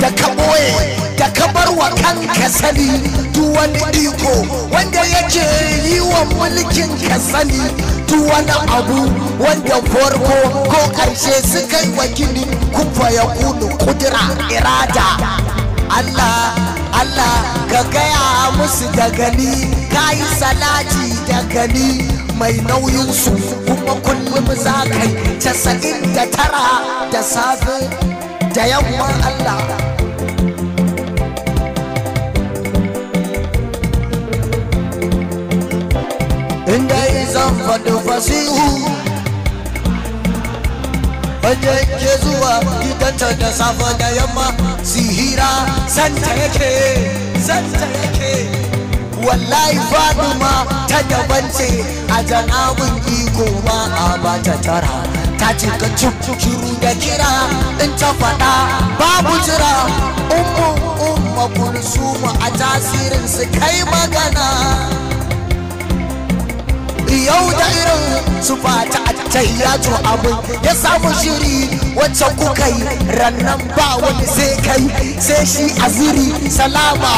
da ka ɓoye da ka bar wa kanka sani duk iko wanda yake yi wa mulkin ka sani duk wani abu wanda farko ko ƙarshe su kai wakili kufa ya kunu kudura irada Allah Allah ka gaya musu da gani ka yi salati da gani mai nauyinsu kuma kullum za ka yi casa'in da tara da safe da yamma Allah In yi zan faɗi fasihu wajen ke zuwa gidanta da safe da yamma sihira santa yake santa yake wallahi ta daban ce a janabin iko ma a bata tara ta cika cikin da kira in ta faɗa babu jira umu umma kun su mu a tasirin su kai magana yau da irin su fata attai ya to abu ya samu shiri wacce kuka yi rannan ba wani sai kai sai shi a ziri salama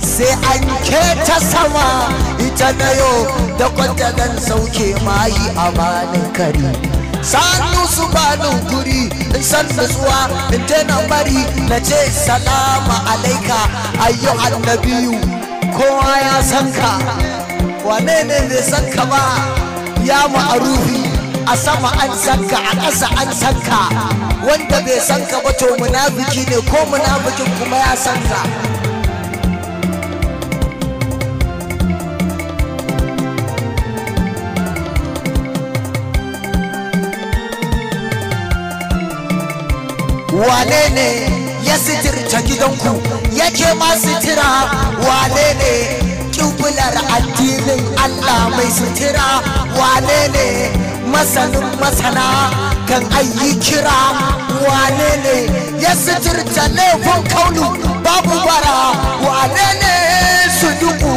sai an ke ta sama ita na yau da kwanta sauke mayi a banin kari sannu su banin guri in san nutsuwa in na bari na ce salama alaika ayyo annabiyu kowa ya san ka wane ne bai san ka ba ya ma'arufi a sama an san a ƙasa an san wanda bai san ka ba to munafiki ne ko munafikin kuma ya san ka wane ne ya sitirta gidanku yake ma sitira wane ne kiblar addinin Allah mai sutura wane ne masanin masana kan ayi kira wane ne ya suturta laifin kaunu babu bara wane ne su duku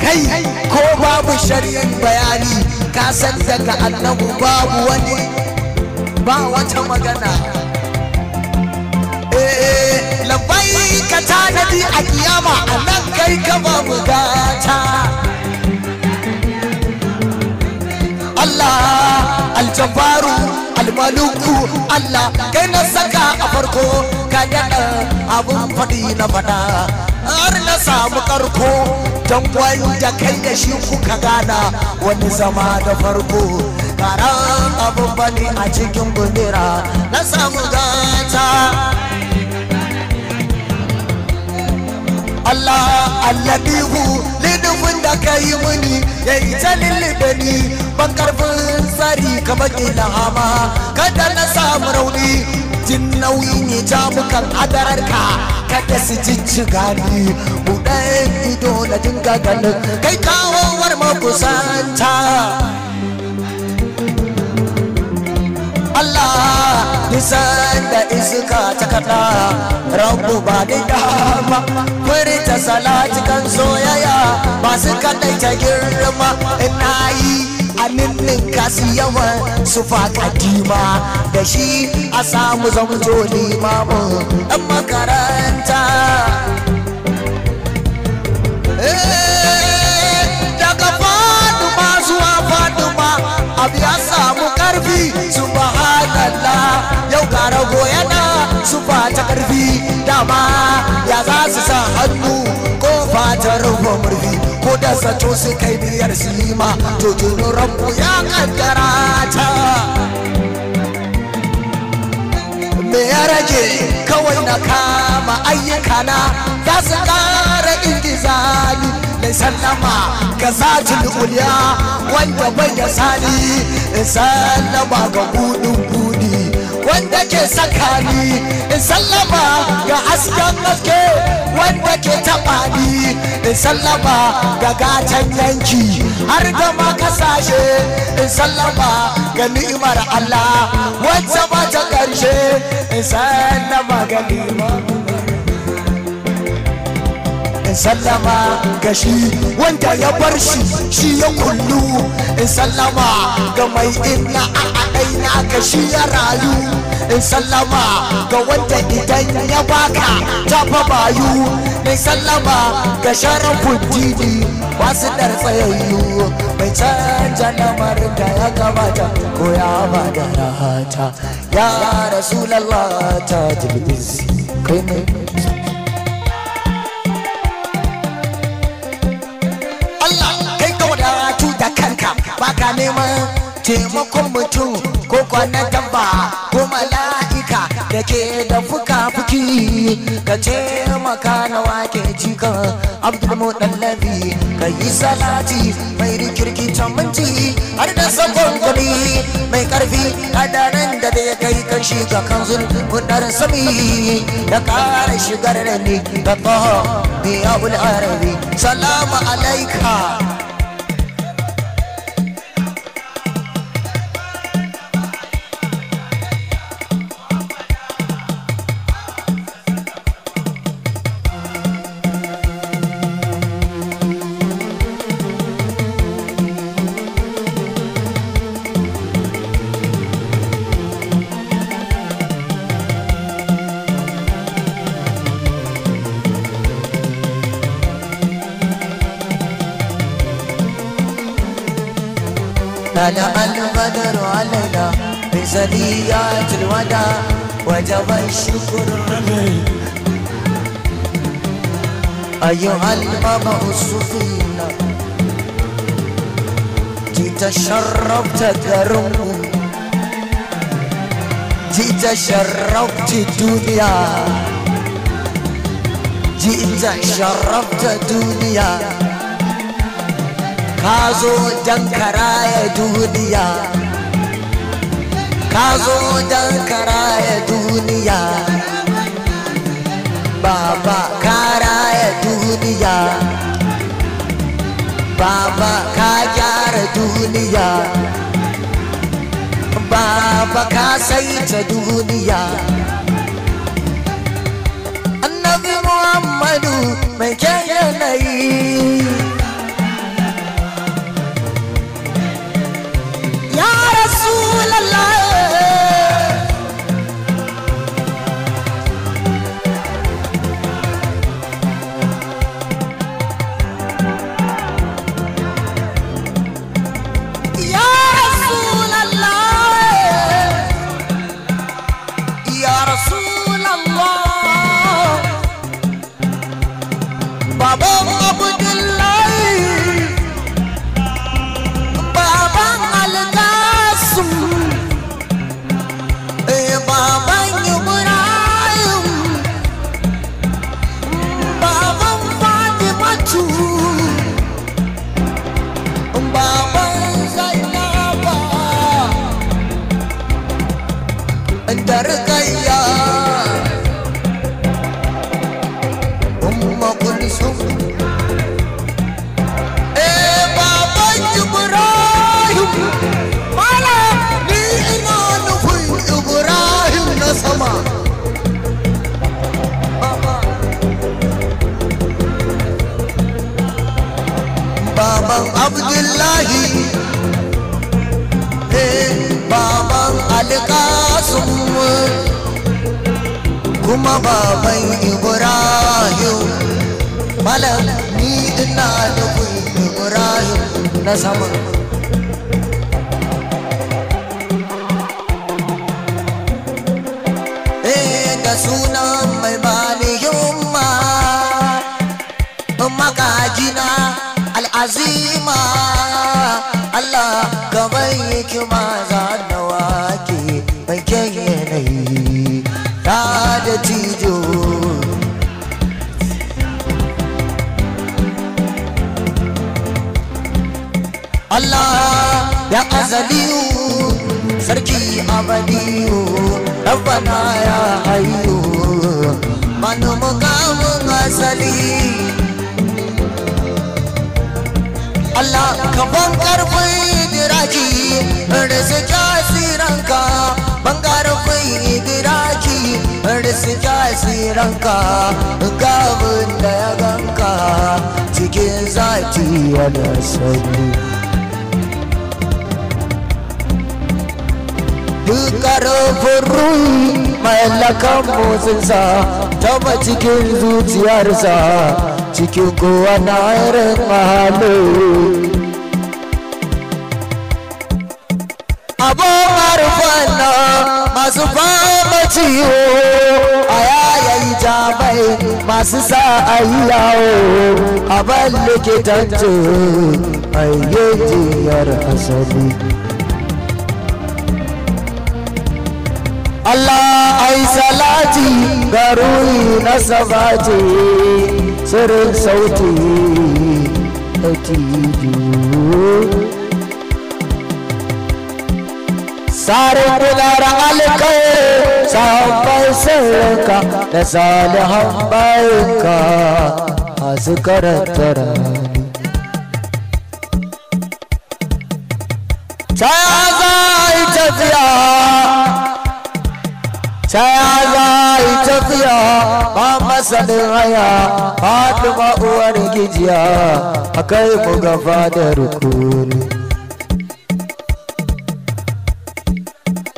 kai ko babu shari'in bayani ka san daga annabu babu wani ba wata magana labai ka tanadi a kiyama a nan kai ka babu gata Allah aljabaru almaluku Allah kai na saka a farko ka gada abun faɗi na faɗa har na samu karko don da kai da shi kuka gana wani zama da farko karan abun bane a cikin gundura na samu gata Allah annabihu lidufin da ka yi muni ya yi ta lullube ni ban karfin tsari ka baki hama kada na samu rauni jin nauyi ne jamukan ka, kada su jijjiga gani buɗe ido na dinga ganin kai kawowar makusanta Allah sanda iska ta kada rabu ba da dama ta salati kan soyayya masu kadai ta girma ina yi aminin kasu yawan su fa kadima da shi a samu zamto limamin ɗan makaranta eh, daga fadu zuwa fatima ma samu karfi subhanallah yau ga rago yana su fata ƙarfi dama ya za su sa hannu ko fata rufe murfi ko da sato su kai biyar sima to tuno rabu ya kankara ta me ya rage kawai na kama ayyuka na za su ƙara ingiza ni mai sallama ga zatin uliya wanda bai da sani in sallama ga gudun wanda ke sakani in sallama ga askan maske wanda ke tabani in sallama ga gatan yanki har da ma kasashe in sallama ga ni'imar Allah wacce ba ta karshe in sallama ga ni'imar sallama ga wanda ya bar shi shi ya kullu in sallama ga mai inna a aina ga ya rayu in sallama ga wanda idan ya baka ta fa bayu in sallama ga shara'n dini ba su dar tsayayyu mai canja lamarin da ya gabata ko ya ba da rahata ya rasulallah ta jibin kai ne kai ka wadatu da kanka baka neman taimakon mutum ko kwanan dabba ko mala'ika da ke da fuka-fuki ka taimaka na wake jika abdulmuɗallabi mai salati mai ta minti har da sabon gani mai karfi adanan da zai kai kan shi ga kanzun hudar sami da kara shigar da ni ga toho bi arabi salamu alaika سديات الوداع وجب الشكر أيها المبعوث فينا جيت شربت كرم جيت شربت الدنيا جيت شربت الدنيا كازو جنكرايا دنيا ka zo don karaya duniya baba karaya duniya baba ka gyara duniya baba ka saita duniya annabi muhammadu mai kyan yanayi barza cikin kowa na irin mahalu abubuwar fanna masu fama ciwo a yayayi jamai masu sa a yi yawo a ban likitan ce asali Allah aisa લાલાજી ગરુઈ નસવાજી સર સૌથી અચીજો સારે પુનર અલકો સાપસર કા નસાલ હમ કા હસ કરતરા छाया lafiya ba masanin haya fatima uwar gijiya a kai mu gaba da rukuni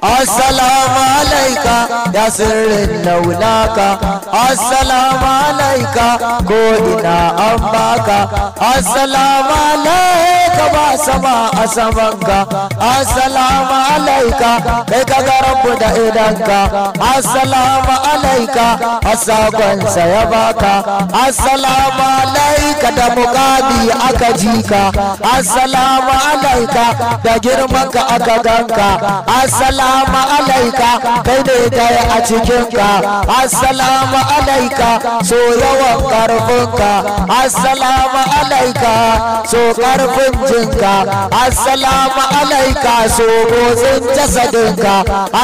assalamu alaika ya sirrin naunaka assalamu alaika ko ina an baka assalamu alaika ba sama a samanka assalamu alaika kai ka ga rabu da idanka assalamu alaika a sakonsa ya baka assalamu alaika da mukabi aka jika assalamu alaika da girmanka aka ganka assalamu alaika kai ne kai a cikinka assalamu alaika so yawan karfinka assalamu alaika so karfin jinka assalamu alaika so motsin jasadinka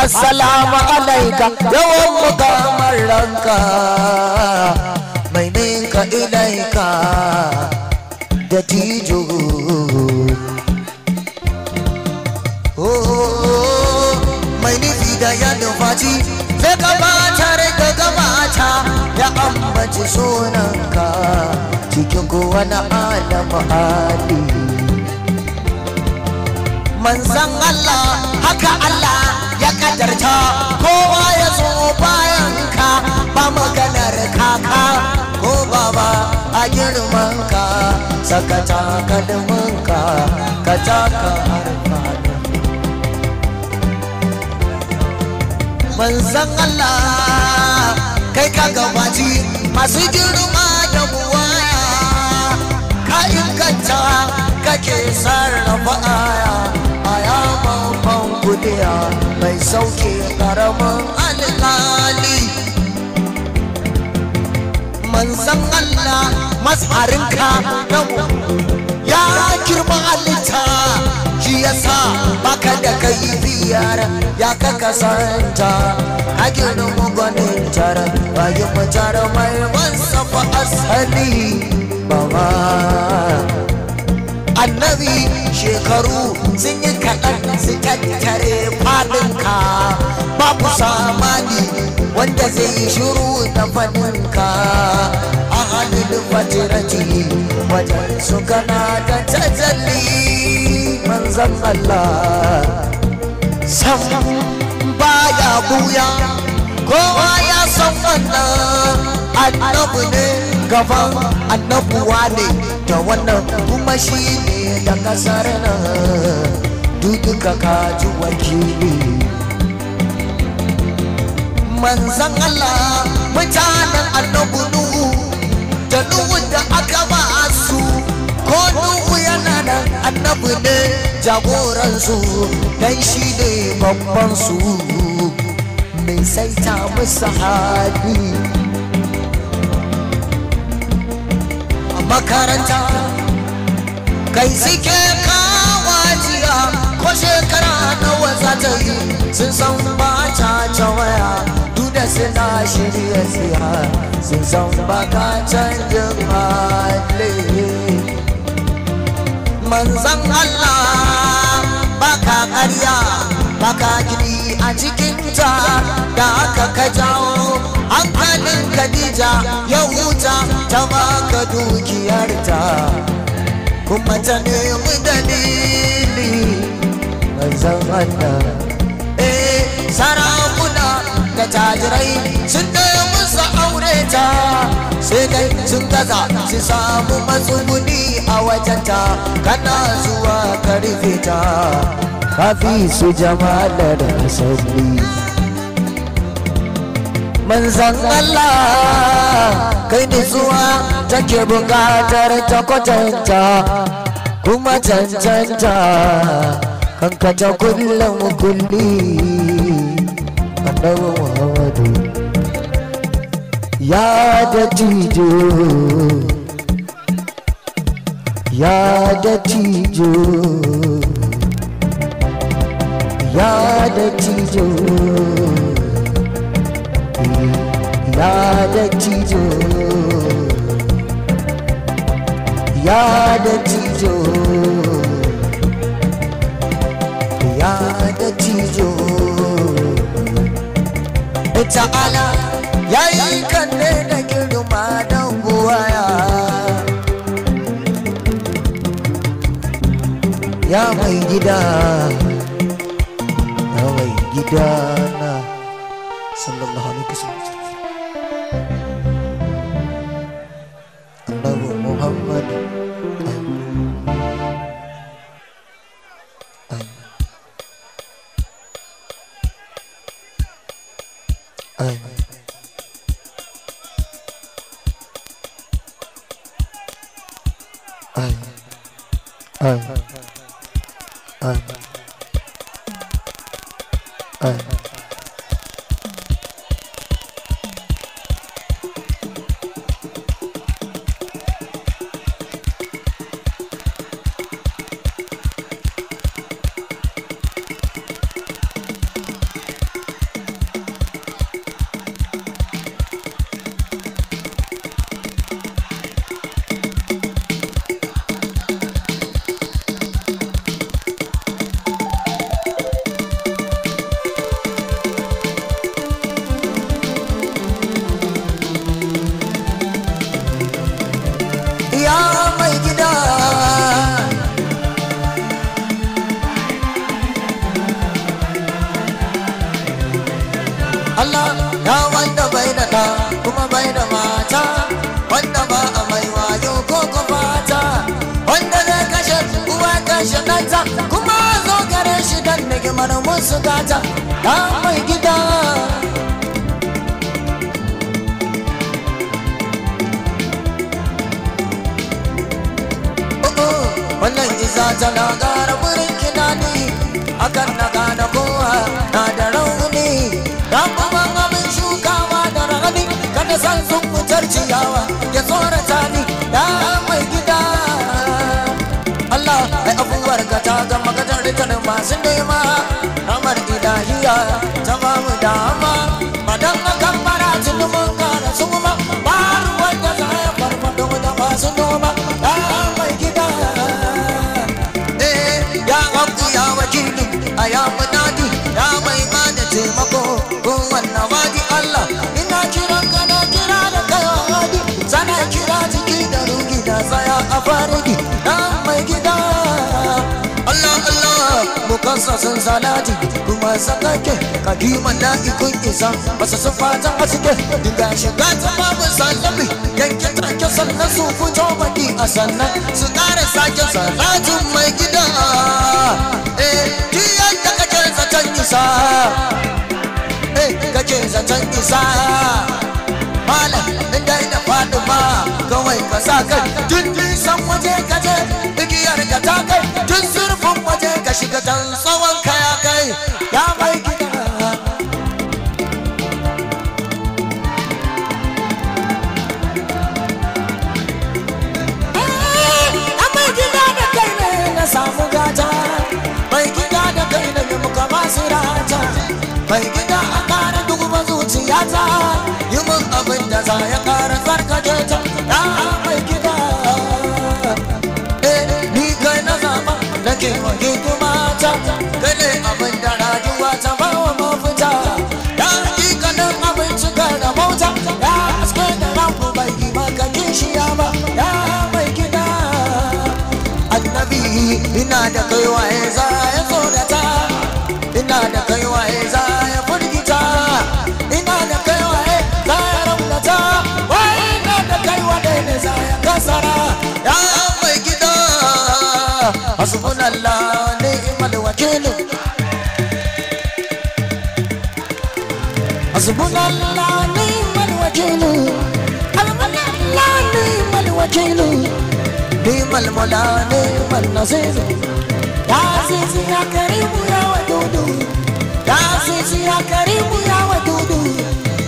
assalamu alaika yawan mukamar ranka mai ninka ilaika da tijo oh, oh, oh, da ba fi ka cikin kowa na adam ali manzan Allah haka Allah ya kadarta kowa ya zo bayan ka ba maganar kaka ko baba a girmanka saka takalminka ka taka harfa manzan Allah kai ka gabaci masu girma da buwaya ka inganta kake sarrafa aya a yamman kudiya mai sauke karamin alkali manzan Allah masarinka na ya girma halitta yasa baka da kai biyar ya ka kasanta hakin mugonin tara bayan matar mai wansa fa asali baba annabi shekaru sun yi kaɗan su tattare faɗinka babu samani wanda zai shiru da faninka adadin fajiraci wajen su gana ta tajalli manzan Allah sama ba ya buya kowa ya san wannan annabu ne gaban annabuwa ne ta kuma shi ne da kasar nan duduka kaji wakili manzan Allah mutanen annabu nuna nuhun da aka ba su ko Nuhu yana nan annabi ne jagoransu dan shi ne babban su mai saita musu hali a makaranta kai suke kawajiya ko shekara nawa za ta yi sun san ba ta waya suna shirya siya sun san baka canjin hali manzan Allah baka ƙarya baka gini a cikinta da aka ka jawo hankalin Khadija ya huta ta baka dukiyarta kuma ta nemi dalili manzan Allah eh sarakun da jajirai sun ɗaya musa aure ta sai dai sun gaza su samu matsuguni a wajenta kana zuwa ka ta kafi su jama'a da sauri manzan Allah kai zuwa take buƙatar ta kwatanta kuma cancanta kanka ta kullum kulli annabi muhammadu ya da tijo ya da tijo ya da tijo ya da ta'ala ya yi kalle da girma da buwaya ya mai gida ya mai gida na sallallahu alaihi wasallam Allahu Muhammad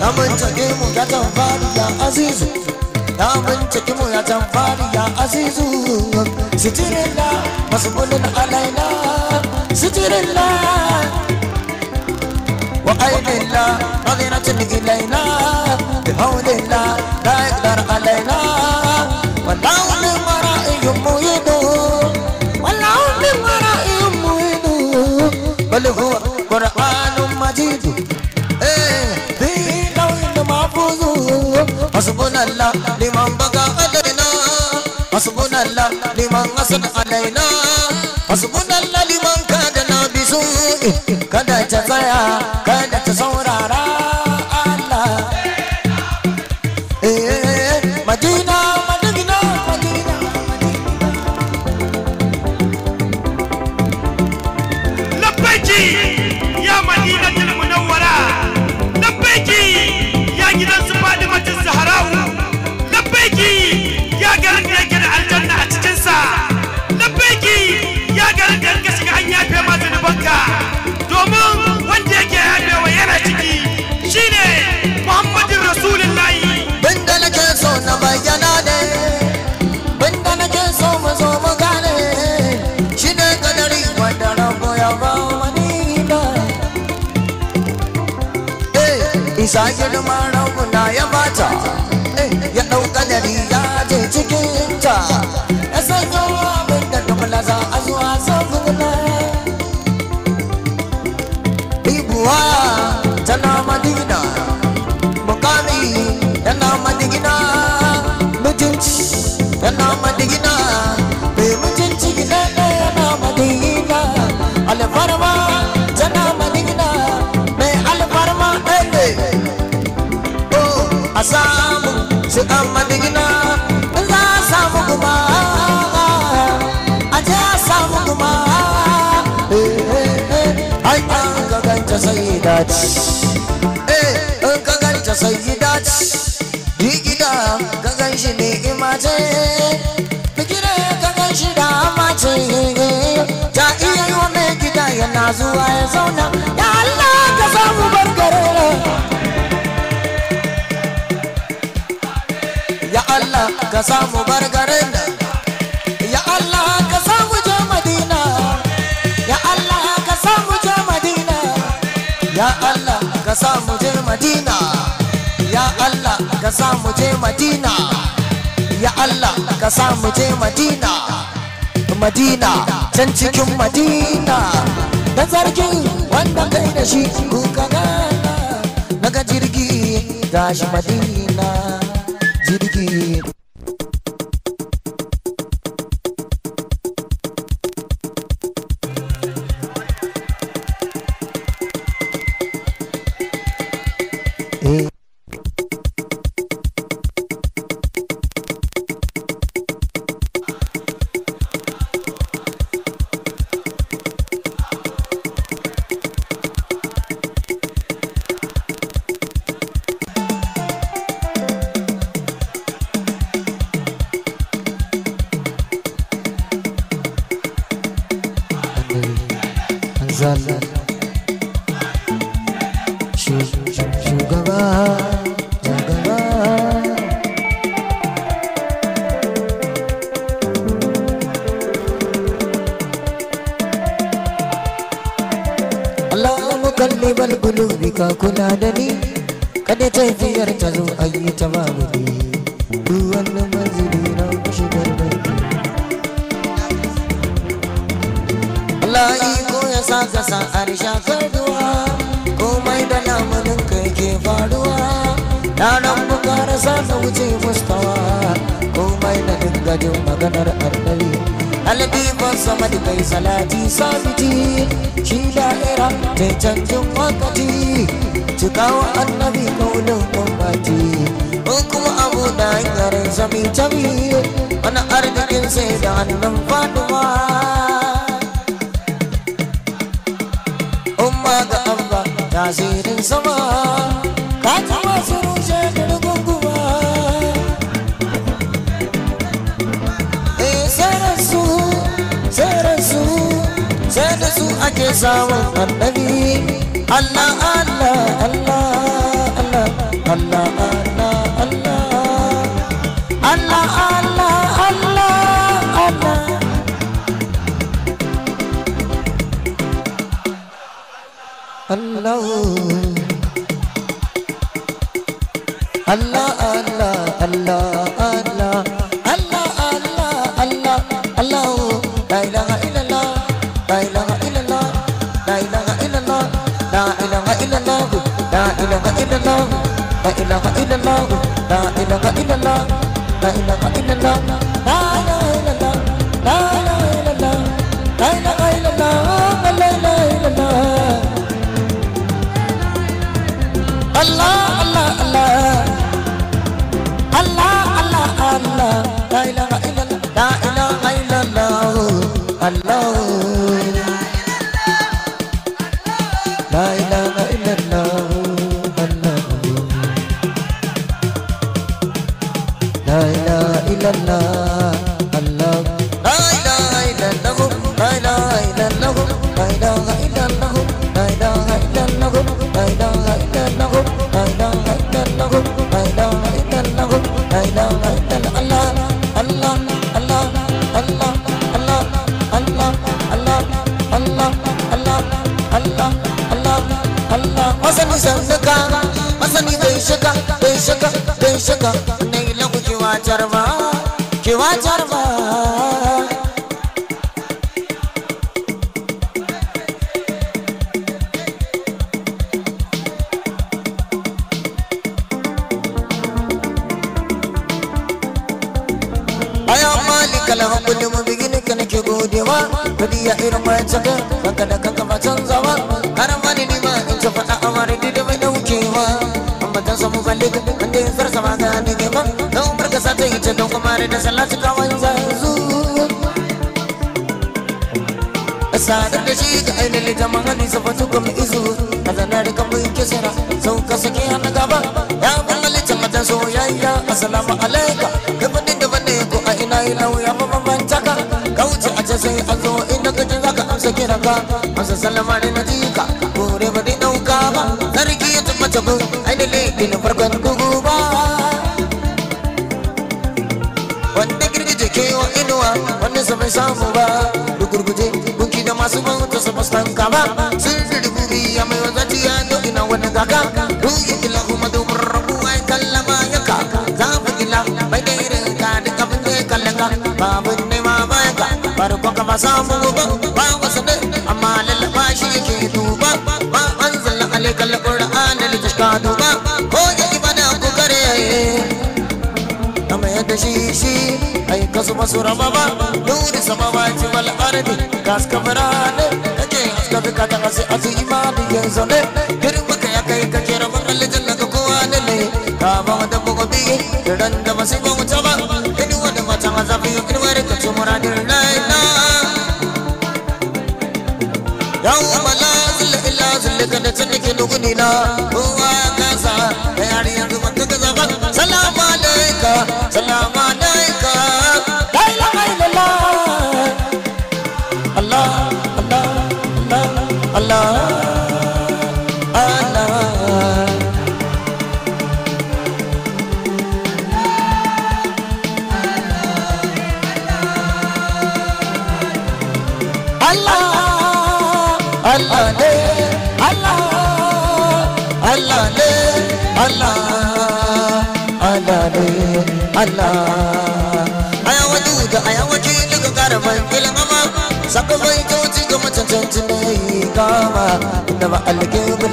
na bincike mu ya tamfari ya azizu na bincike mu ya tamfari ya azizu sitirilla masbulun alaina sitirilla wa ainilla nadiratin ilaina bihaulilla la yaqdar alaina wallahu min wara'ihim muhidu wallahu min wara'ihim muhidu bal huwa qur'anun majidun Allah liman baga alaina Allah liman asad alaina hasbunallah liman kada na bisu kada ta tsaya kada ta saurara isa girman raguna ya bata eh, ya ɗauka dari ya je cikinta dace eh in ka ganta sai yi dace digida ka gan shi ne imace digida ka gan shi da amace ta iya yi wa mai gida yana zuwa ya zauna ya Allah ka samu barkare ya Allah ka samu barkare sa mu je madina ya Allah ka sa je madina madina can cikin madina da zargin wanda kai da shi kuka gana daga jirgi shi madina jirgi gara sa wuce mustawa komai na dinga maganar annabi albiban sama da kai salati sabiti shi la'ira ta canjin wakati cikawa annabi kaulin bambati in kuma abu da hanyar zami tabi wani arzikin sai da annan faduwa umma ga abba tasirin sama الله الله الله الله الله الله الله الله الله الله الله الله الله الله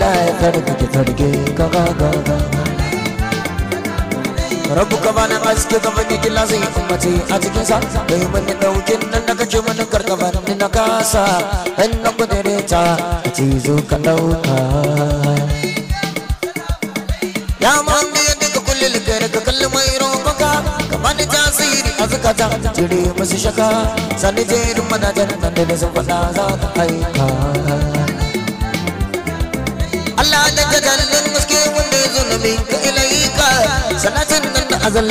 ya tarbi tarke ka ga ga ga rabu ka bana aske ka bani kila zai ummati a cikin sa kai mani daukin nan da kake mani karkaba ni na kasa in na kudere ta a ce zo ka dauka ya man biya ka kullum kare ka kalli mai roƙonka ka bani tasiri a zukata jire musu shaka sani jerin manajan nan da sun faɗa za ka aika minka ilaika salatin nan da azal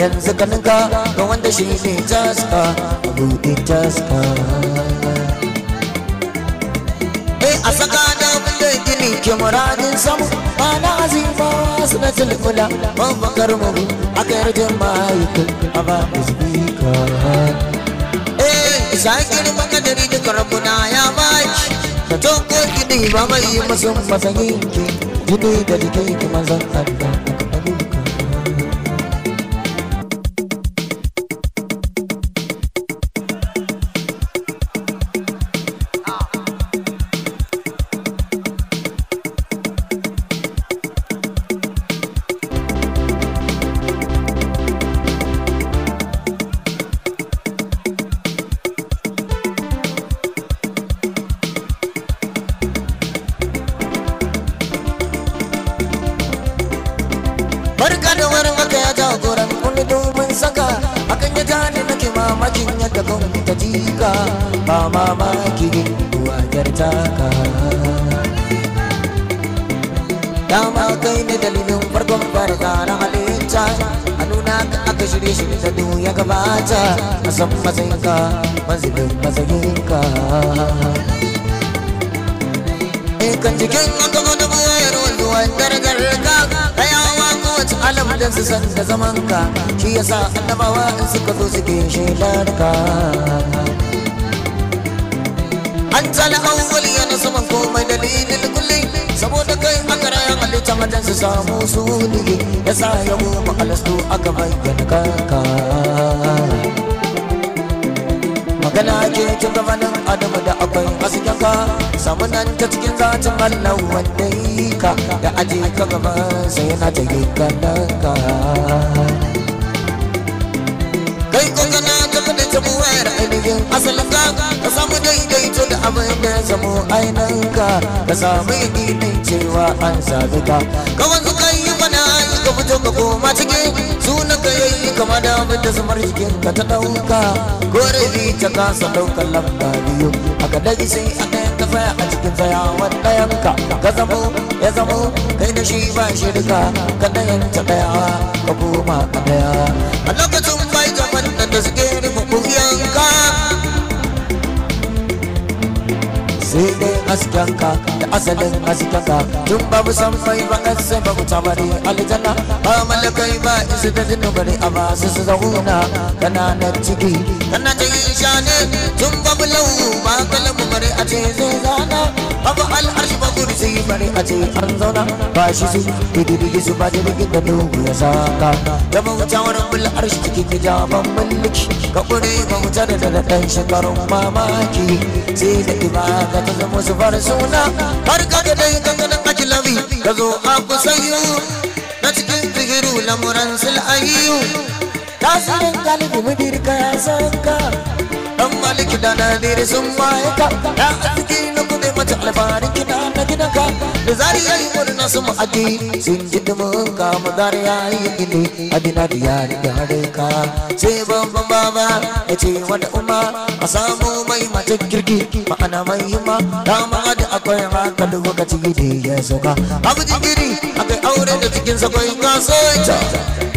yanzu ka ninka ga wanda shi ne taska a buɗe taska eh a saka da da gini ke muradin samu ba na azima sanatul kula ban bakar mu a rajin jama'a a ba mu zubika eh zagin makadari duka rabuna ya baki ka toko gidi ba mai masu masayin ki Give me, give me, give me my love zamanka shi yasa annabawa in suka zo suke shaida ka an tsala wali ya saman komai dalilin kulli saboda kai aka raya halitta wajen su samu su ne yasa ya goma alastu aka bayyana kanka magana ke cin gabanin adamu da akwai haskenka samu nan ta cikin zatin allah wanda ka da aji ka gaba sai yana ta yi kanaka kai ka kada ta buwayar ainihin asalin ka ka samu daidaito da abin da ya zamo ainihin ka ka samu yakinin cewa an sadu ka kawai ka yi mana ka fito ka koma cikin sunan ka yayi kama da abin da zamar jikin ka ta ɗauka korafi ta kasa daukar lamba biyu Aka dai sai a ɗayan faya a cikin tsayawan ɗayan ka ka zamo ya zamo kai da shi ba shirka ka dayan ta daya ka kuma ka daya a lokacin bai gaban nan da suke rufe ka sai dai ka da asalin ka tun babu san mai ba ɗan sai babu tamari aljanna ba malakai ba isu da dinu bari a masu su zauna kananan ciki kana ta shane tun babu lau ba kalamu bari a ce zai zana abu al'arshi ba gudu sai yi bare a ce an zauna ba shi su dididigi su ba jirgin da dogo ya saka da bauta wani bul'arshi cikin gija ban mulki ka kure bauta da da ɗan shekarun mamaki sai suna har ka dai ganganin ka zo a kusayu na cikin fihiru lamuran sul'ayu tasirin galibi mudirka ya saka dan maliki da nadiri sun waye ka ya arziki ta alfaharin gida na ka da zari ya yi wani nasu ma'adi sun ji dumin ka mu zari ya yi gini adina da yari da harinka sai babban baba ya ce wata umma a samu mai mata kirki ma'ana mai himma dama da akwai haka da lokaci da ya sauka abu jigiri akai aure da cikin sakwai kasoita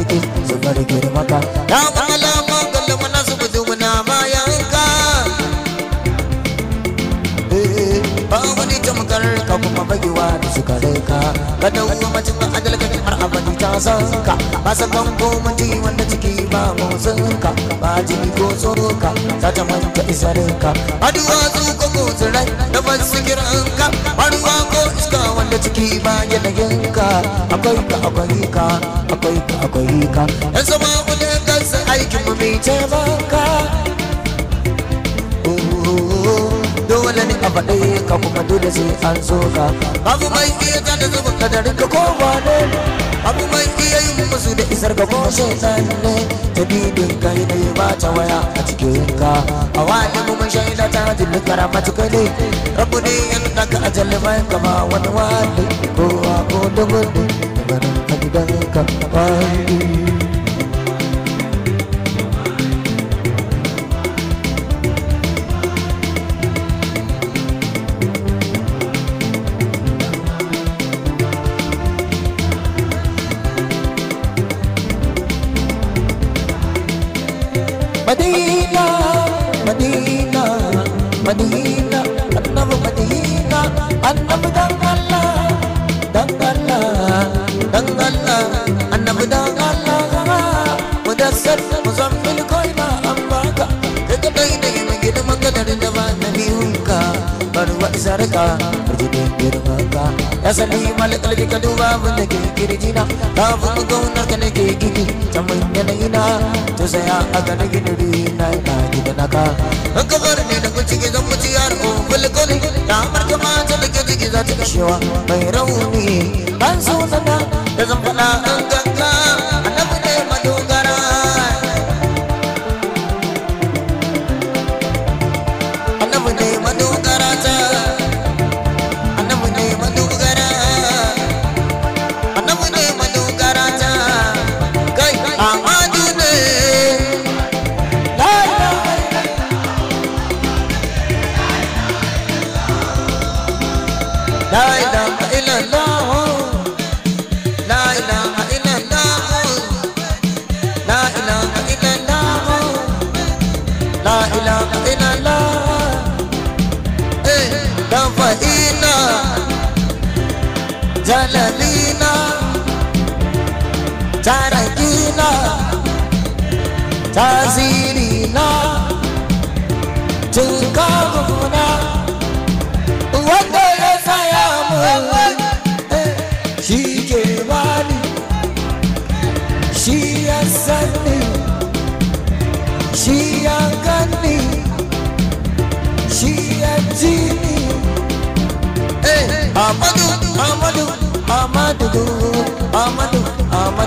ciki zubar girmaka na kamala magalla mana su buzu muna eh ba wani tamkar ka kuma bagiwa da suka kare ka dawo macin ba ka har abadi ta san ka ba san kan mun ji wanda ciki ba motsin ka ba ji ko tsoro ka ta ta manta isarin ka aduwa zu ko ko tsirai da ba su kiran ka aduwa ko da ciki ba yanayin ka akwai ka akwai ka akwai ka akwai ka yan zama wani kansa aikin mu mai taimaka dole ne a faɗe ka kuma dole sai an zo ka babu mai iya da zuba kadarin da kowa ne abu mai iya yin musu da isar ka ko shaitan ne ta bibin ka yi ba ta waya a cikin ka a wani mu mun shaida ta jini karamatu ka ne rabu ne yan daga ajali bayan ka wani wani kowa ko dubun ne da ganin ka gidan ka bayan madina annabi madina annabi dan Allah dan Allah dan Allah annabi mudassar muzammil koi ma ambaka kaga dai dai mu gidan barwa sarka gudun girman ka ya salli mali kalbi ka duba abin da ke kirjina ta bugu gaunar ka nake ta mun yanayi na to saya a gani gidiri na ina gida na ka in ka bar ne da kunci gizon mutu yar o bulgoli ta marka ma ta lake jiki za ta kashewa mai rauni ban so sana da zan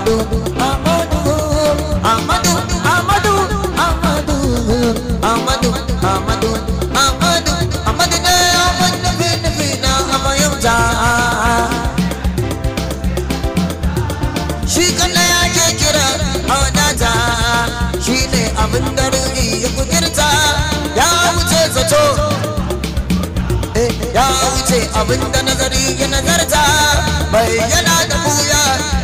Amadu Amadu Amadu Amadu shi ya shi ne da ya wuce zato eh, ya abin da nazari ya nazarta bayyana da buya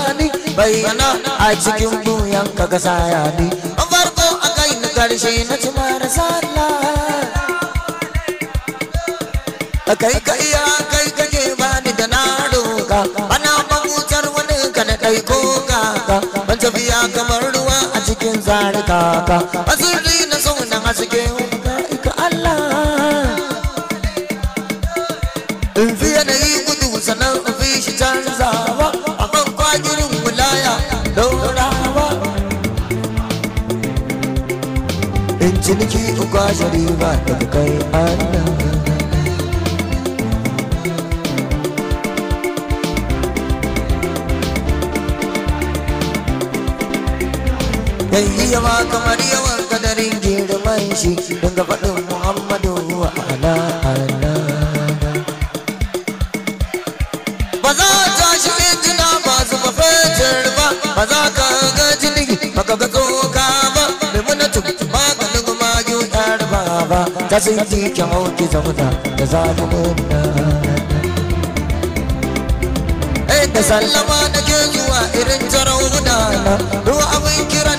bai a cikin buyan ka ga sayani farko a kai na karshe na ci marasa Allah kai ka iya kai kake ni da na roka ana mabutar wani ka na ɗaiko kaka ban tafiya kamar ruwa a cikin zarika ka asiri na sunan na cikin yawa kamar yawan kadarin girman shi dinga faɗin muhammadu ala ala ba za a tashi injina masu mafetar ba ba za ka ga jirgi ba ka ga tsoka ba mai munatu maganin gumayu ɗar ba ba ta sun ji kyau ki zauna da zafi eh, da sallama da ke zuwa irin jarau na ruwa abin kira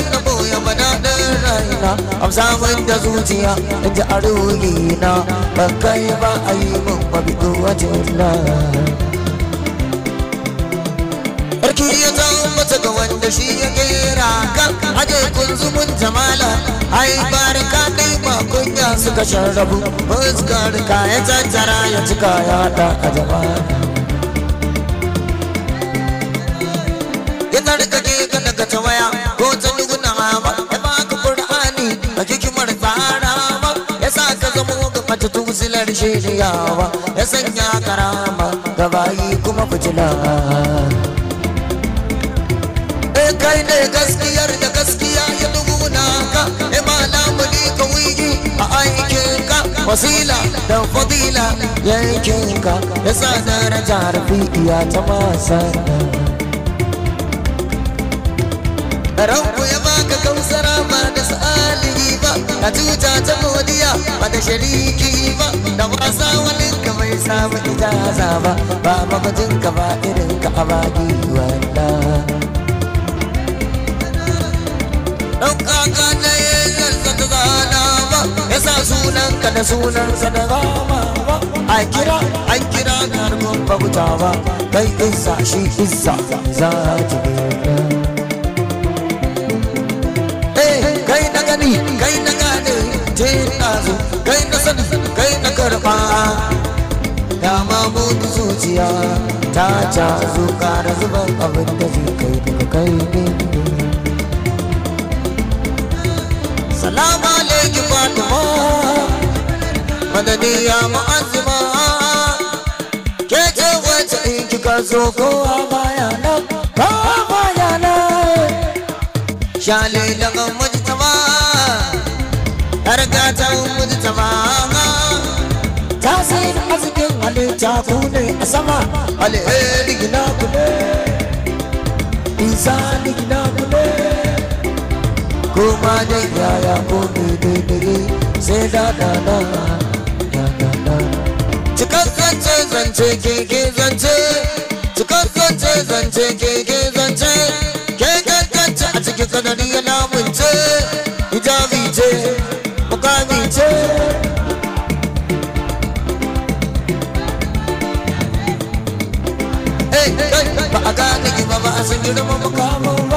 raina mun da zuciya in ji a na ba kai ba a yi min mabido wajen na Barki ya tabbata ga wanda shi ya gera ka aje kunzumin jamala ai barka dai ba kunya suka sharrabu zgar ka ya tantara ya cika ya ta a shiryawa ya sanya karama gabayi kuma fitila e kai ne gaskiyar da gaskiya ya duguna ka e malamu ni ka wuyi a aikin ka wasila da fadila yankin ka ya sa daraja rafi'iya ta masana ranku ya baka kausara ba da sa'alihi ba a tuta ta godiya ba da shariki ba da wasa wani ka bai samu ijaza ba ba mamajin ba irin ka abadi wanda Ɗaukaka kaka yi ya zarta ta zana ba ya sa sunanka da sunansa da zama ba a kira an kira ka har kun bautawa kai isa shi isa za ta biya karɓa ma mutu zuciya ta cazo da zuban abin da zai kai daga kai ne salama alaiki fatima madaniya ma'azima ke ce wace in kika zo kowa baya nan kowa baya nan shale daga mujtama har ta mujtama tasirin arzikin halitta ku ne a sama alheri gina ku ne insani gina ku ne kuma yaya ne sai da da zance keke zance zance keke zance a cikin kanari ya ce mukami ce I said, you don't want to come home.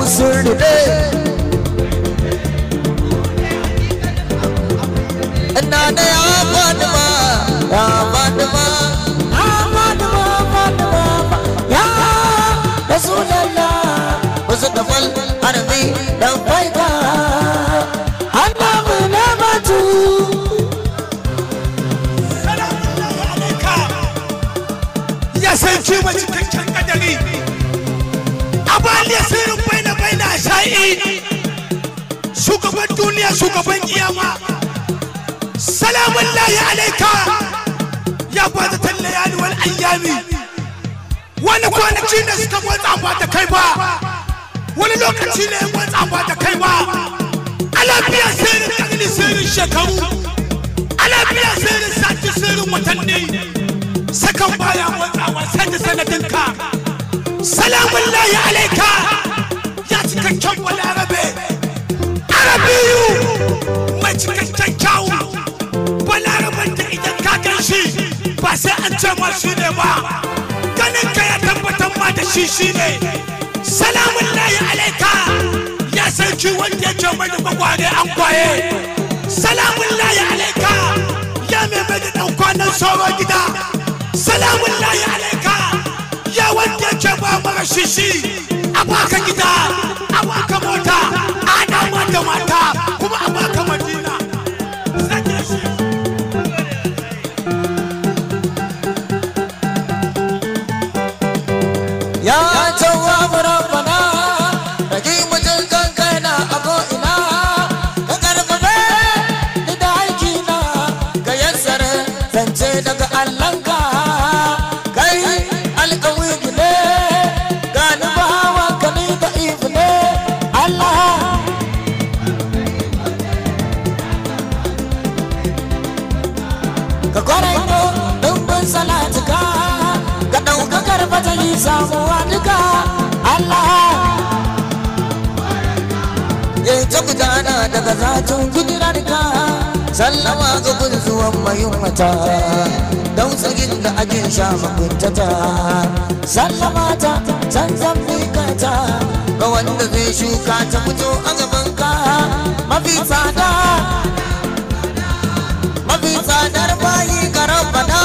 abu sun rude ina na ya fatima ya fatima ya fatima fatima ya rasulallah wasu dafal harbi ai shugaban duniya shugaban kiyama salamun lahi alaika ya bada tallayali wal ayyami wani kwanaki ne suka motsa ba da kai ba wani lokaci ne motsa ba da kai ba alabiya sirrin kalli sirrin shekaru alabiya sirrin sati sirrin watanni sakan baya motsawa sanda sanadinka salamun lahi alaika cikakken balarabe arabiyu mai cikakken kyawu balaraben da idan ka gan shi ba sai an ce ma shi ne ba ganin ka ya tabbatar ma da shi shi ne salamun layi alaika ya san shi wanda ya ce mai da gwagware an kwaye salamun layi alaika ya mai mai da ɗan kwanan sauran gida salamun layi alaika ya wanda ya ce ba mara shishi a baka gida abu aka mota ana da mata kuma a mukuntata sallama ta can zan bukata ga wanda zai shuka ta fito a gaban ka mafi tsada mafi tsadar bayi garan bada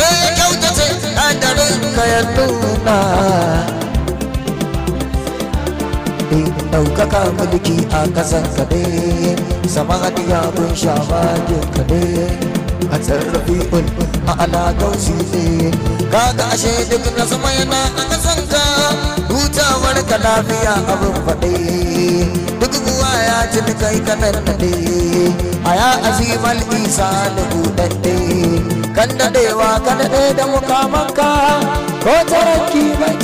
eh ce ɗandarin ka ya nuna eh, ɗaukaka mulki a ƙasar kaɗai sama hadiya kun sha bagin ne. a tarbi'un a alaƙar shi kaga ashe duk na sama yana a ka. hutawar ka lafiya abin faɗe duk kuwa ya ci kai kanar naɗe a ya azimal isa da buɗaɗɗe kan daɗewa ka daɗe da mukamanka ko taranki bai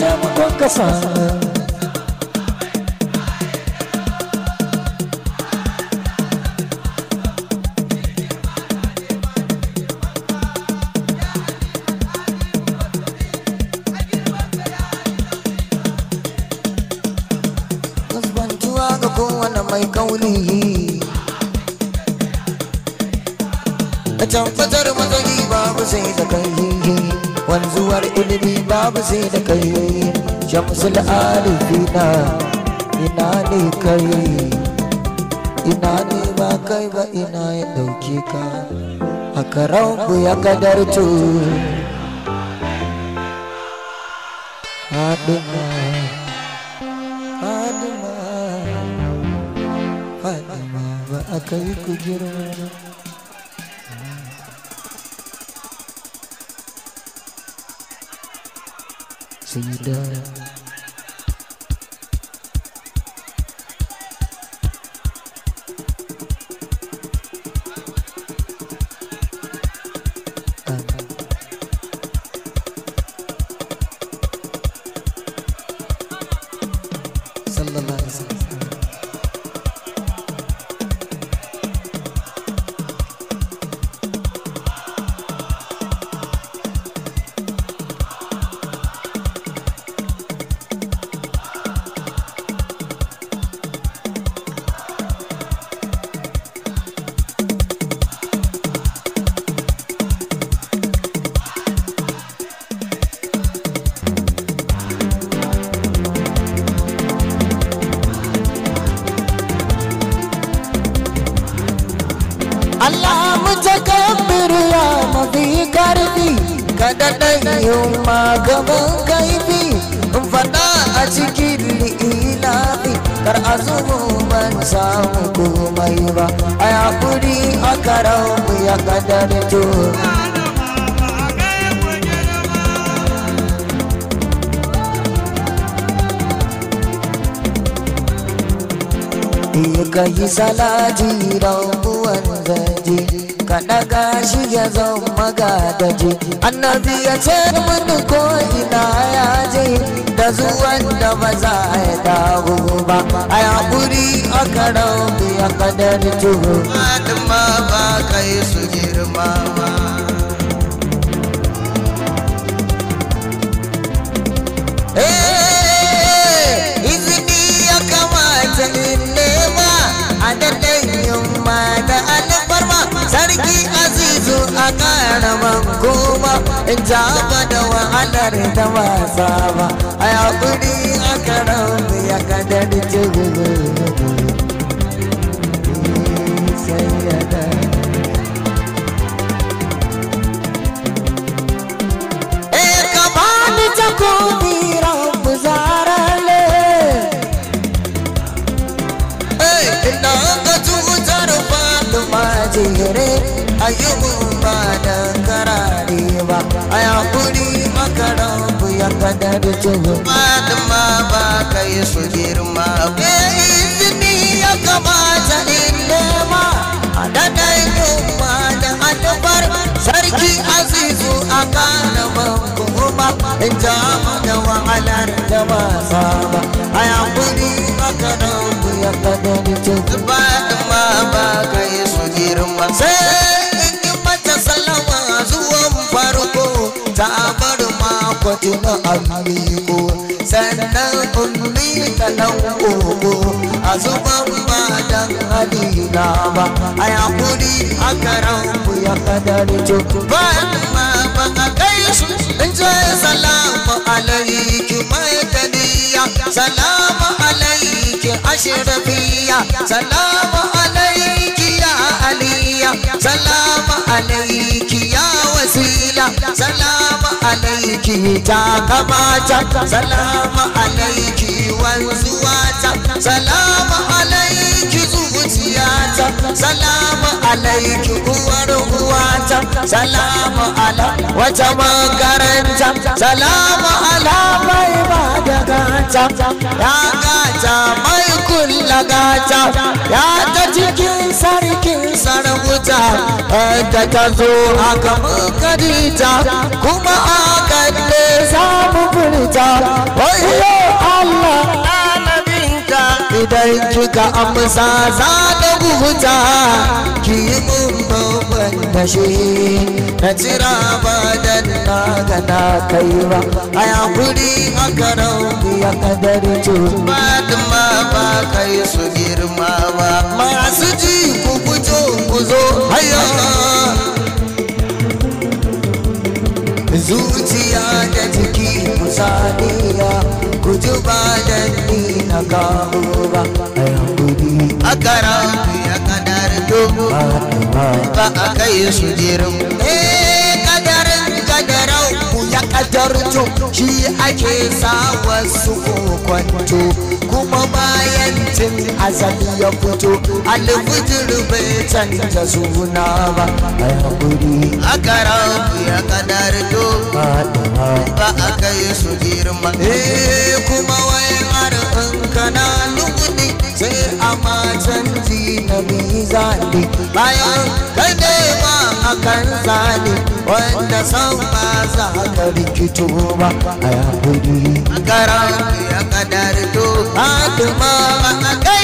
ka sa. kulbi babu sai da kai shamsul alifina ina ne kai ina ne ba kai ba ina ya dauke ka haka ku ya kadarto haɗina haɗina haɗina ba kai ku na ce mun ko ina ya je da zuwan da ba za a yi dawo ba a yakuri a karau biya kadar tuhu ba ba kai su girma ba karaman goma in ja ba da wahalar da wasa ba a yaƙuri a karan ya kadar jirgin fada da jihu malama ba ka yi su girma ke izini ya kamata in nema a dadai da adabar sarki azizu a kana kuma in jama da wahalar da ba saba a yankuri maka ya fada da jihu ba ka yi su girma sai in mata salama zuwan farko ta abar fatima amiko sannan ummi ta dan a zuban ba da halina ba a yakuri a karan ku ya jo ba ma ba a kai su in ce salamu alaiki mai tadiya salamu alaiki ashirafiya salamu alaiki ya aliya salamu alaiki wasila salamu alaiki ta kamata salamu alaiki wanzuwa ta salamu alaiki zuciyata salamu alaiki uwar uwata salamu ala wata makaranta salamu ala mai ba da gata ya gata mai kulla gata ya ta cikin sarkin sarauta da ta zo aka muka kuma a aka samu furta wayo Allah ɗalibinka idan kika amsa za ta guguta ki yi mun babban tashi na jira ba dan na ga kai ba a yakuri a karau ya kadarci ba ma ba kai su girma ba masu ji ku fito ku zo hayo saniya ku zuba da ni na kawo ba ai a kara ya kadar dogo ba a kai su jirin eh da ƙadarto shi ake sa wasu kwanto kuma bayan tun azabi ya fito alfijir bai canta suna ba mai haƙuri a karabu ya ƙadarto ba a kai su girma eh kuma wai kafin kana sai a matan ji na mizani bayan kade ba a kan zani wanda san ba za ka rikito ba a yaƙuri a karan ya kadar to ba a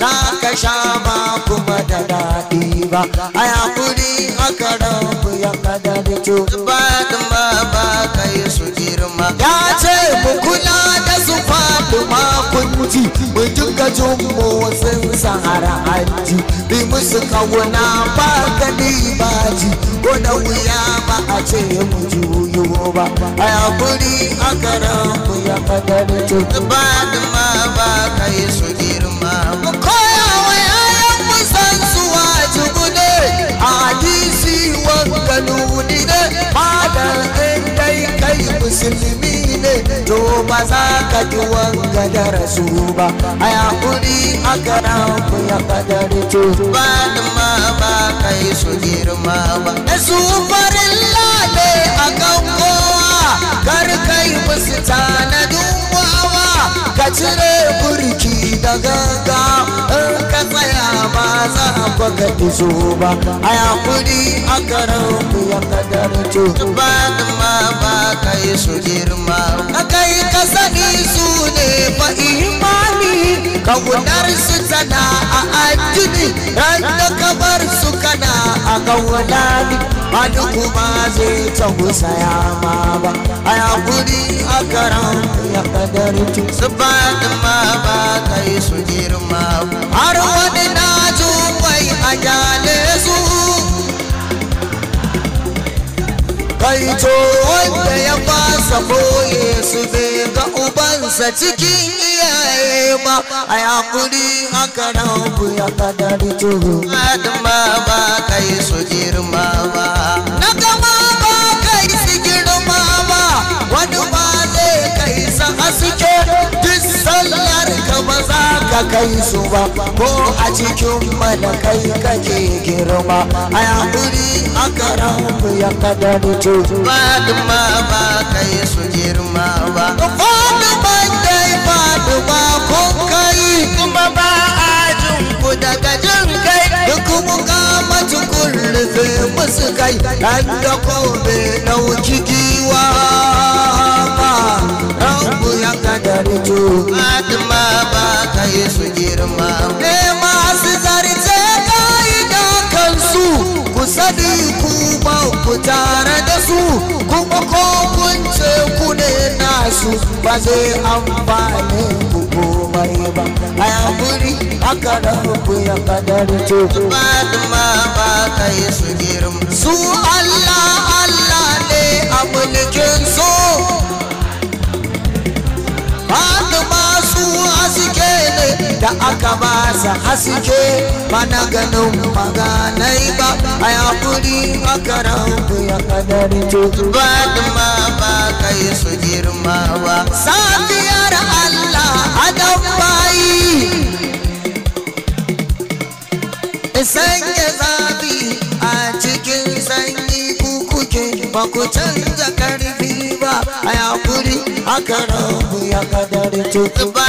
na ka sha kuma da daɗi ba a yakuri aka rabu ya kadarci ba ba ba kai su girma ya ce mu kula da su faɗi makunci mu jika jumbo sun sahara aji. bi musu kawuna ba gani ba ji ko da wuya ba a ce mu juyo ba a yakuri aka rabu ya kadarci ba ba kai su musulmi ne to ba za ka ji wanga da rasu ba a yakuri a karan ku ya kadar to ba ma ba kai su girma ba da su farin lade a kanko kar kai musu tanadin wawa ka cire burki da ganga in ka tsaya ba za ku ka iso ba a yakuri a karan ku ya to ba ma ba yi su girma ka kai ka sani su ne fa imani ka gudar su tana a addini ran da ka su kana a kawalani hannu kuma zai ta ya ma ba a yakuri a karan ya kadarci su ba ma ba kai su girma har wani na bai a gyale su kai to wanda ya fasa boye su bai ubansa cikin iyaye ba a yakuri aka rabu ya kadari tuhu adama ba kai su girma ba na gama ba kai su girma ba wani ba zai kai sa haske duk sallar ka ba za ka kai su ba ko a cikin mana kai kake girma a yakuri aka rabu ya kadari tuhu adama ba kai su girma ba kun kuma ba a jin daga jin kai duk mun ga mace kun rufe musu kai dan da kobe dauki giwa ba rabu ya kadar ju fatima ba yi su girma ne masu zarce kai da kansu sani ku ba ku tare da su kuma ko kun ce ku ne nasu ba zai amfane ku komai ba a yakuri aka ku ya kadar ce ba ma ba kai su girin su Allah Allah ne a mulkin so Fatima da aka ba sa haske ba na ganin maganai ba a yakuri makaran ya kadar ba ma ba kai su girma ba safiyar Allah adam bayi sanye zabi a cikin sanyi kukuke ba ku canza karfi ba a yakuri aka rabu ya kadar ba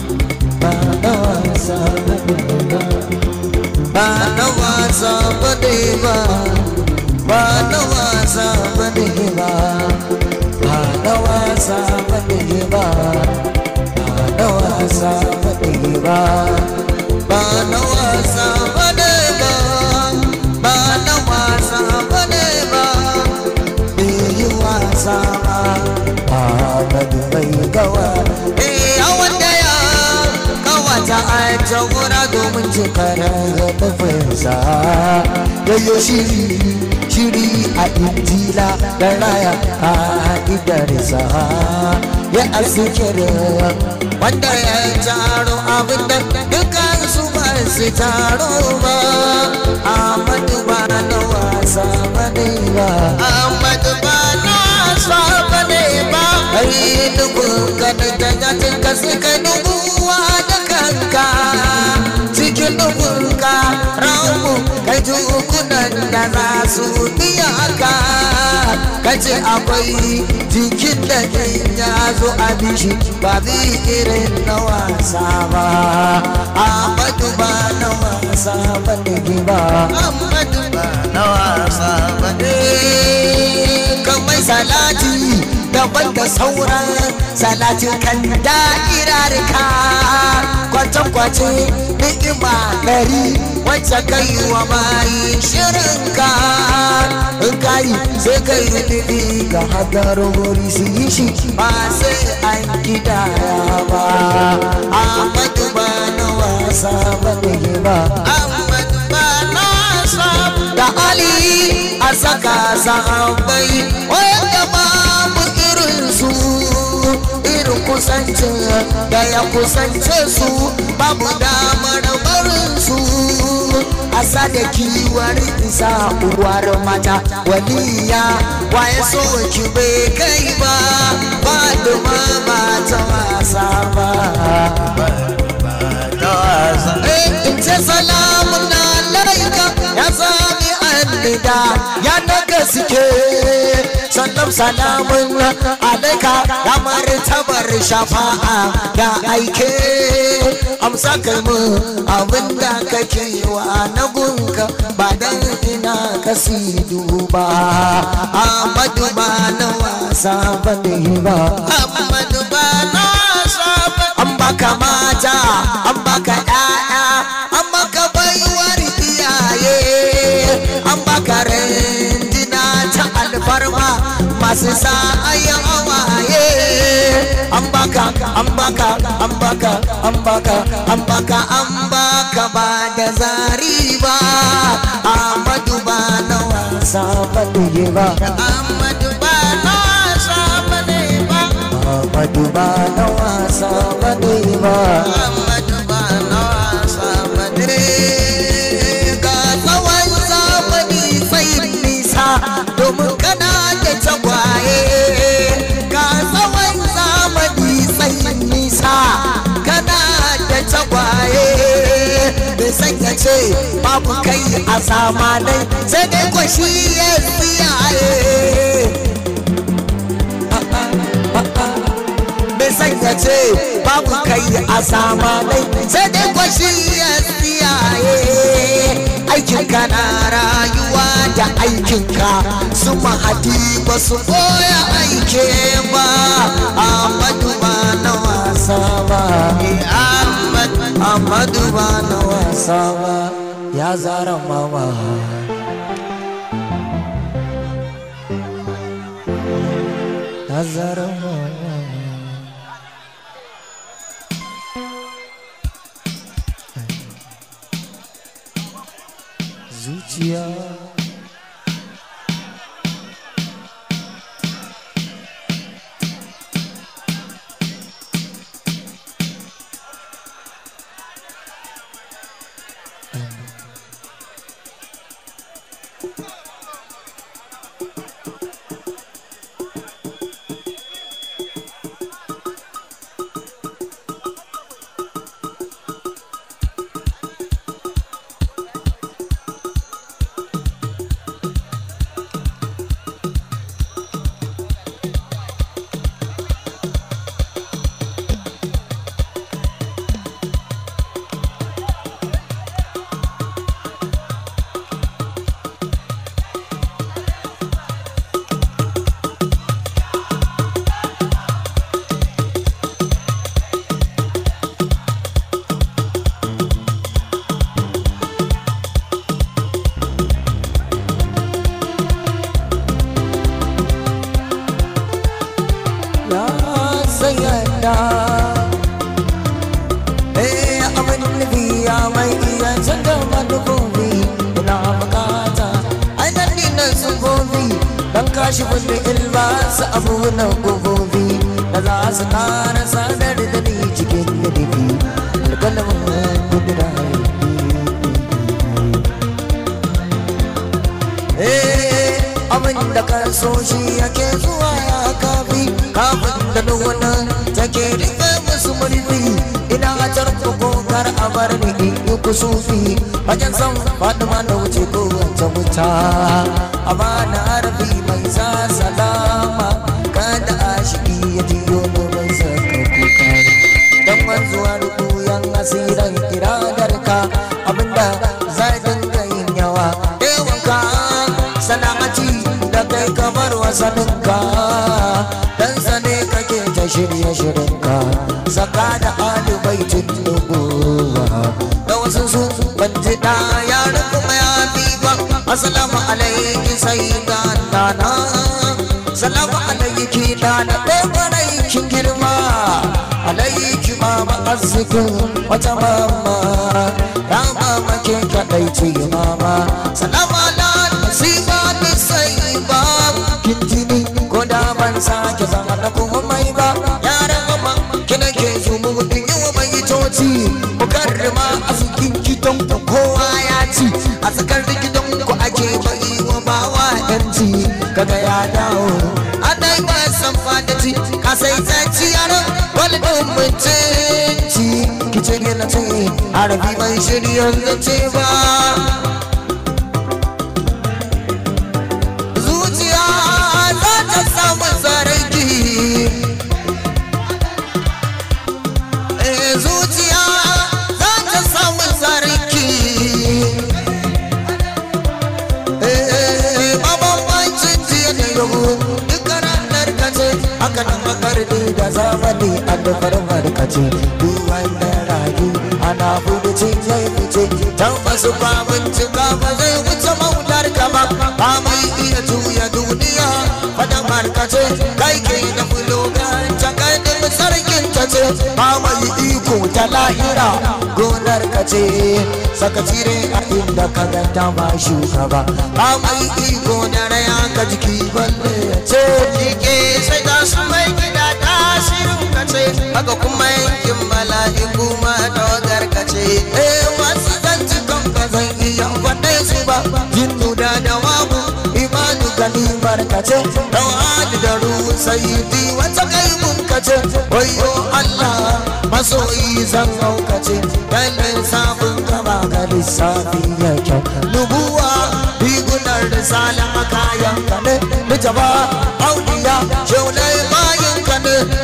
wasa ba ba wasa ba ne ba ba wasa ba ba na wasa ba wasa ba wasa ba yi wasa ba ba ta ayyanta gura domin cikar zafafinsa yayyo shiri shiri a injila da raya a idarsa ya asikiri wanda ya yi taro abinda dukkan su ba su taro ba amadu ba na wasa ba ne ba amadu ba na wasa ba ne ba kai dukkan da jajatin ka suka dubu jukunan da za su biya ka kace akwai jikin da in ya zo a bishi ba zai irin na wasa ba Ahmadu ba na wasa ba ne ba Ahmadu ba na wasa ba ne kamar salati gaban da sauran salatin kan ka. kwace-kwace ni'ima gari wacce kai wa mai ka? in kai sai kai rufi ga hadar wuri su yi shi ba sai an gidaya ba amadu ba na wasa ba ba amadu ba na da ali a saka sahabbai wanda ba irin su irin kusancin da ya kusance su babu damar barin su asa da kiwar isa uwar mata waliya waye so ki bai kai ba ba duma ba ta wasa ba ta eh, wasa in ce salamun ya gida ya daga suke sannan salamun alaika kamar tabar shafa'a da aike amsa kalmi abin da kake wa na gunka ba dan ina ka sidu ba amadu ba na wasa ba ne ba amadu ba na wasa ba an baka mata masu sa'ayan awaye an baka an baka an baka an baka an baka an baka ba da zari ba amadu ba na wasa ba ne ba amadu ba na wasa ba ne ba amadu ba na wasa ba ne ba wancan ya ce babu kai a zamanai sai dai ko shi ya tsiyaye me san ya ce babu kai a zamanai sai dai ko shi ya tsiyaye aikin ka na rayuwa da aikin ka su mahadi ba su koya aike ba a ba na wasa ba eh, Amadu ba na wasa ba ya zara mama ya zara Baba har bai mai shiri yanzu ce ba lahira gonar ka ce saka cire a inda ka ganta ba shuka ba ba mai iko da raya ka jiki balle ya ce jike sai da su mai gida shiru ka ce haka kuma yankin mala'iku ma tawagar ka ce eh wasu zan ci kan ka zan iya faɗe su ba jinnu da dawabu imanu gani barkace tawhid da ruhu sayyidi wata kai mun kace wayo Allah masoyi zan haukace ganin sabon gaba ga lissafi ya kyau nubuwa rigunar risala makayan ka ne mijaba auliya shaunai bayan ka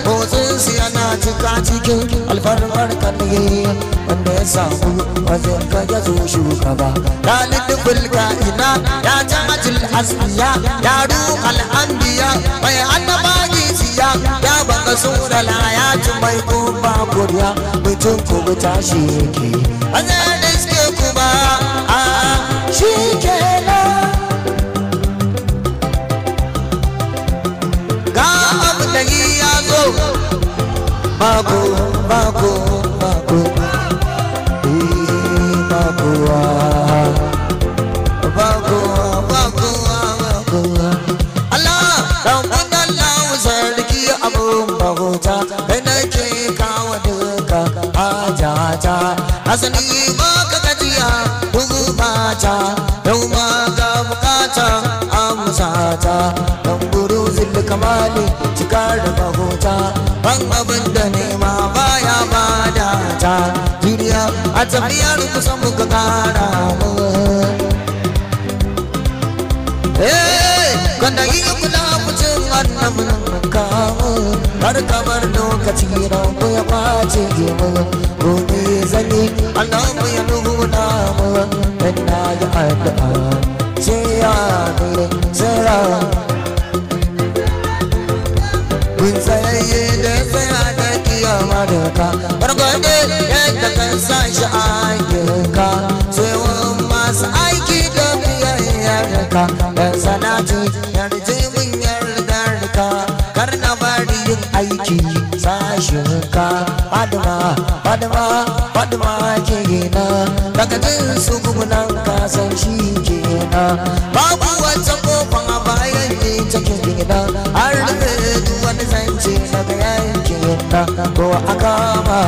motsin su yana cika cikin alfarmar ka wanda ya samu wajen ka ya zo shugaba dalibin ka'ina ya ta ajil asmiya ya ruhal anbiya mai annaba ya ya baka sura la ya ci mai kuma koriya mutum ku bi tashi yake an da suke ku ba a shi ke ga abu da yi ya zo mako mako mako mako Don't asali ba ka gajiya bugu bata yau ma ga bukata amsata dan guru zilli kamali cika da mahota ban abin da nema baya bada ta juriya a tafiyar kusan mu Eh, kwanda wannan mun kawo har kamar lokaci rabu ya kwace mu gobe zane annabu ya nuna mu dan na yi addu'a ce ya mere tsira mun sai da tsaya da kiyama da ka ne yadda kan sa shi ka sai wani masu aiki da biyayyar ka dan sanati aiki sashin ka fadma fadma ke kena daga jin su gugunan ka san shi kena babu wata kofan a bayan ne cikin gina har da wani zance na bayan kena ko a kama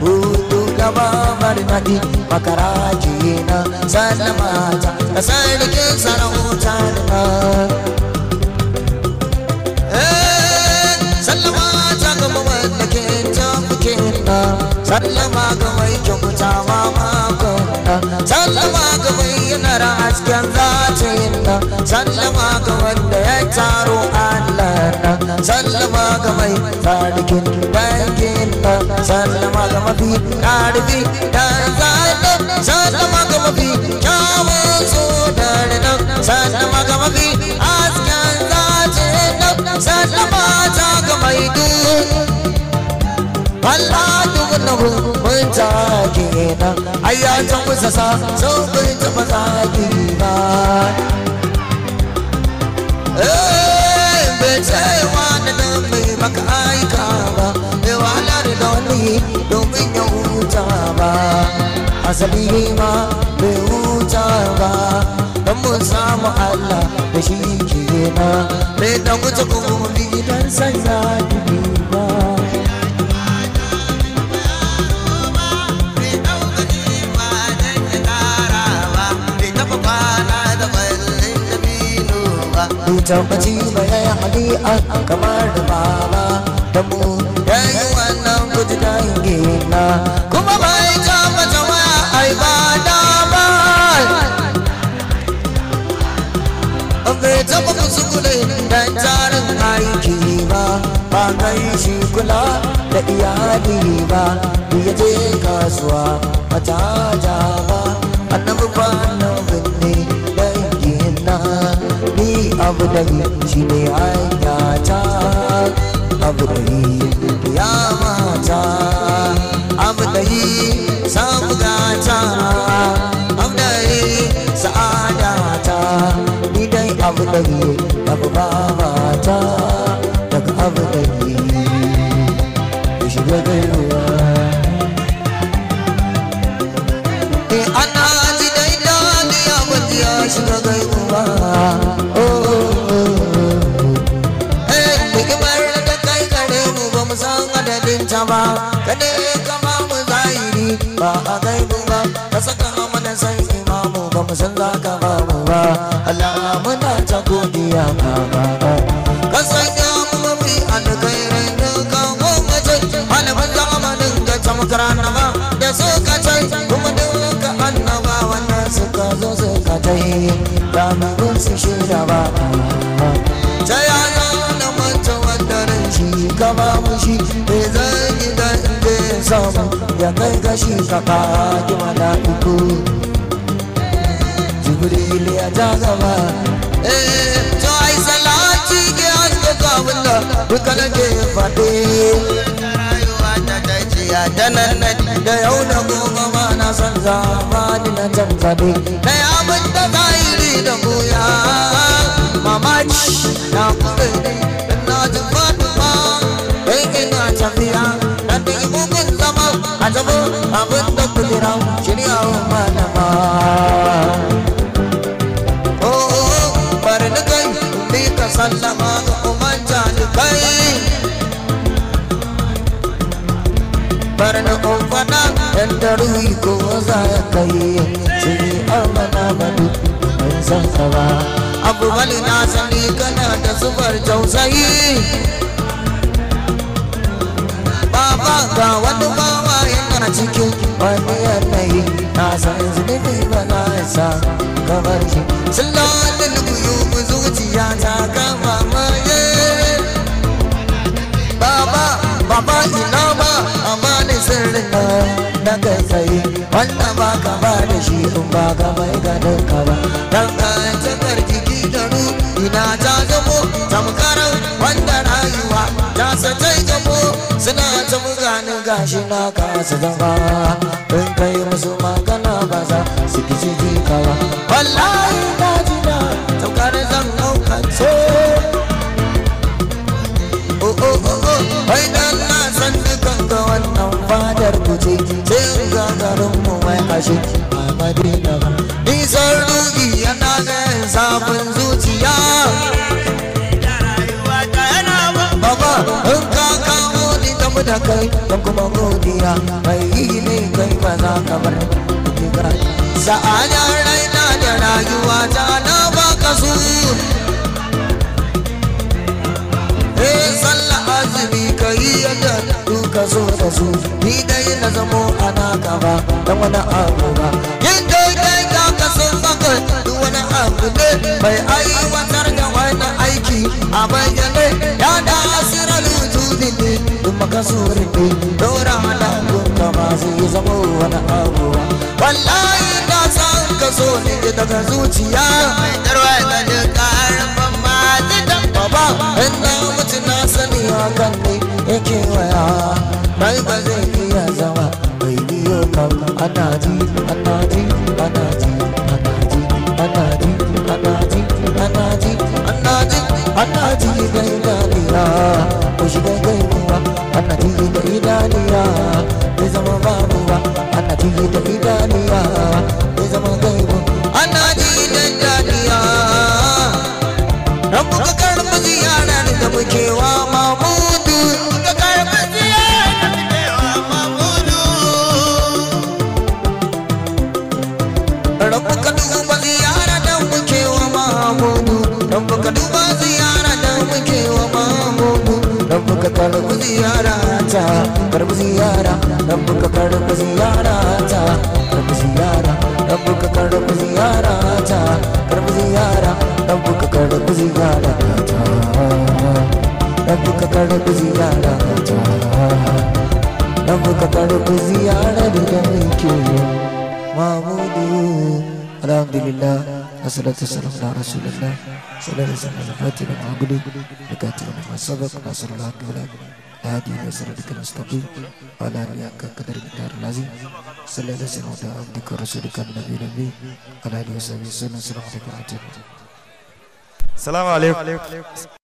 hudu gaba bari naɗi makara kena sannan mata da sarkin sarauta da sallama ga mai kyauta ma mamako sallama ga mai yanar hasken zatin sallama ga wanda ya taro allah sallama ga mai tsarikin dangin sallama ga mafi ƙarfi da zaɗin sallama ga mafi kyawun tsotar nan sallama ga mafi hasken zatin nan sallama ta ga mai duk Allah annabi mun ta kenan ai ya ta musasa sun bai ta maza ba eh bai ce wani nan bai maka aika ba bai wahalar da wani domin ya huta ba asali ma bai huta ba don mun samu Allah da shi kenan bai dan wuce gidan san ku tabbaci mai ya hadi a kamar da baba da mu ya yi wannan guji da gina kuma bai tabbata waya ai ba da ba bai taba musu kudai dan tarin aiki ba ba kai shi kula da iyali ba ya je kasuwa ba ta ba annabi ba abdari shi ne hanya ta ya mata abdari samu gata abdari sa'ada ta ni dai abdari abu babata daga abdari shiga gari ba a gaibu ba ka saka mana san imamu ba mu san za ba mu ba Allah muna ta godiya ba ya kai gashi kima da mala'iku jibril ya ta zama eh to ai salati ke haske ka wanda duka ke faɗi rayuwa ta dajiya ta nan da yau da goma ma na san ni na can faɗi da ya mun da ri da buya mamaci na kuɗi na ji fatima ɗan ina tafiya na ɗigo हो अब तो गुजराओ चिड़ियाओ मनवा ओ मरन गई दीक सल्लमा उमन जान गई मरन उमना डरुई को जाया कई चिड़ी अमना मधु संसवा अब वली ना सनी कना दसुबर चौसही बाबा गावत बाबा kana cikin wani yanayi na san zunubi ba na isa kamar ki sallatin kuyubu zuciya ta kama maye baba baba ina ba amma ne sirrin na na kai tsaye Wannan ba ka ba da shi in ba ka bai ga duka ba dan ka tsakar jiki da ru ina ta zamo tamkarar wanda rayuwa ta san suna ta mugani gashi na kasa zama in kai musu magana ba za su ki ciki kawa wallahi na ji na taukar zan haukace o o oh, o oh, o oh, wai dan na san dukan ga wannan fadar kuce ce gagarin mu mai kashi a madina ba nisan ruhi yana ga zafin zuci da kai don kuma godiya mai yi ne kai ba za ka bar diga sa'ada na da rayuwa ta na ba baka su eh sallah azumi kai yadda ka so ka su ni dai na zamo ana gaba don wani abu ba yin daidai dai ka kaso maka duk wani abu ne bai aiwatar da wani aiki a bayyane ya da asira lili makasurin ne dora halakun ka ba zai zama wani abuwa wallahi ka san ka so ne daga zuciya mai tarwa da karin harfan ma baba na mutu na sani ne yake waya mai ba zai iya zama mai biyo ka ana ji ana ji ana ji ana ji ana ji ana ji ana ji ana ji ana ji ana ji ana ji ana ji ana ji da idaniya bai zama ana ji da idaniya bai zama ana ji idaniya Rambuka ka karɓi ziyarar muke wa mamudu Rambuka karɓi ziyarar muke wa mamudu Rambuka ka duba ziyarar da muke wa mamudu mamudu ziyarata karbi ziyara rabbuka karbi ziyarata karbi ziyara rabbuka karbi ziyarata karbi ziyara rabbuka karbi ziyarata rabbuka karbi ziyarata rabbuka karbi ziyarar da nake mamudu alhamdulillah والصلاة والسلام على رسول الله صلى الله عليه وسلم الفاتح المعبد لكاتب المصدق ناصر الله الدولة በአዲ መሰረት ከተነስተቱ አላሊያ ከቅድር ጋር ላዚ ስለለ ስለወደ አብዲከ ረሱል ከነቢ ነቢ አላሊ ወሰቢ ስነ ስለሆነ ሰላም አሌይኩም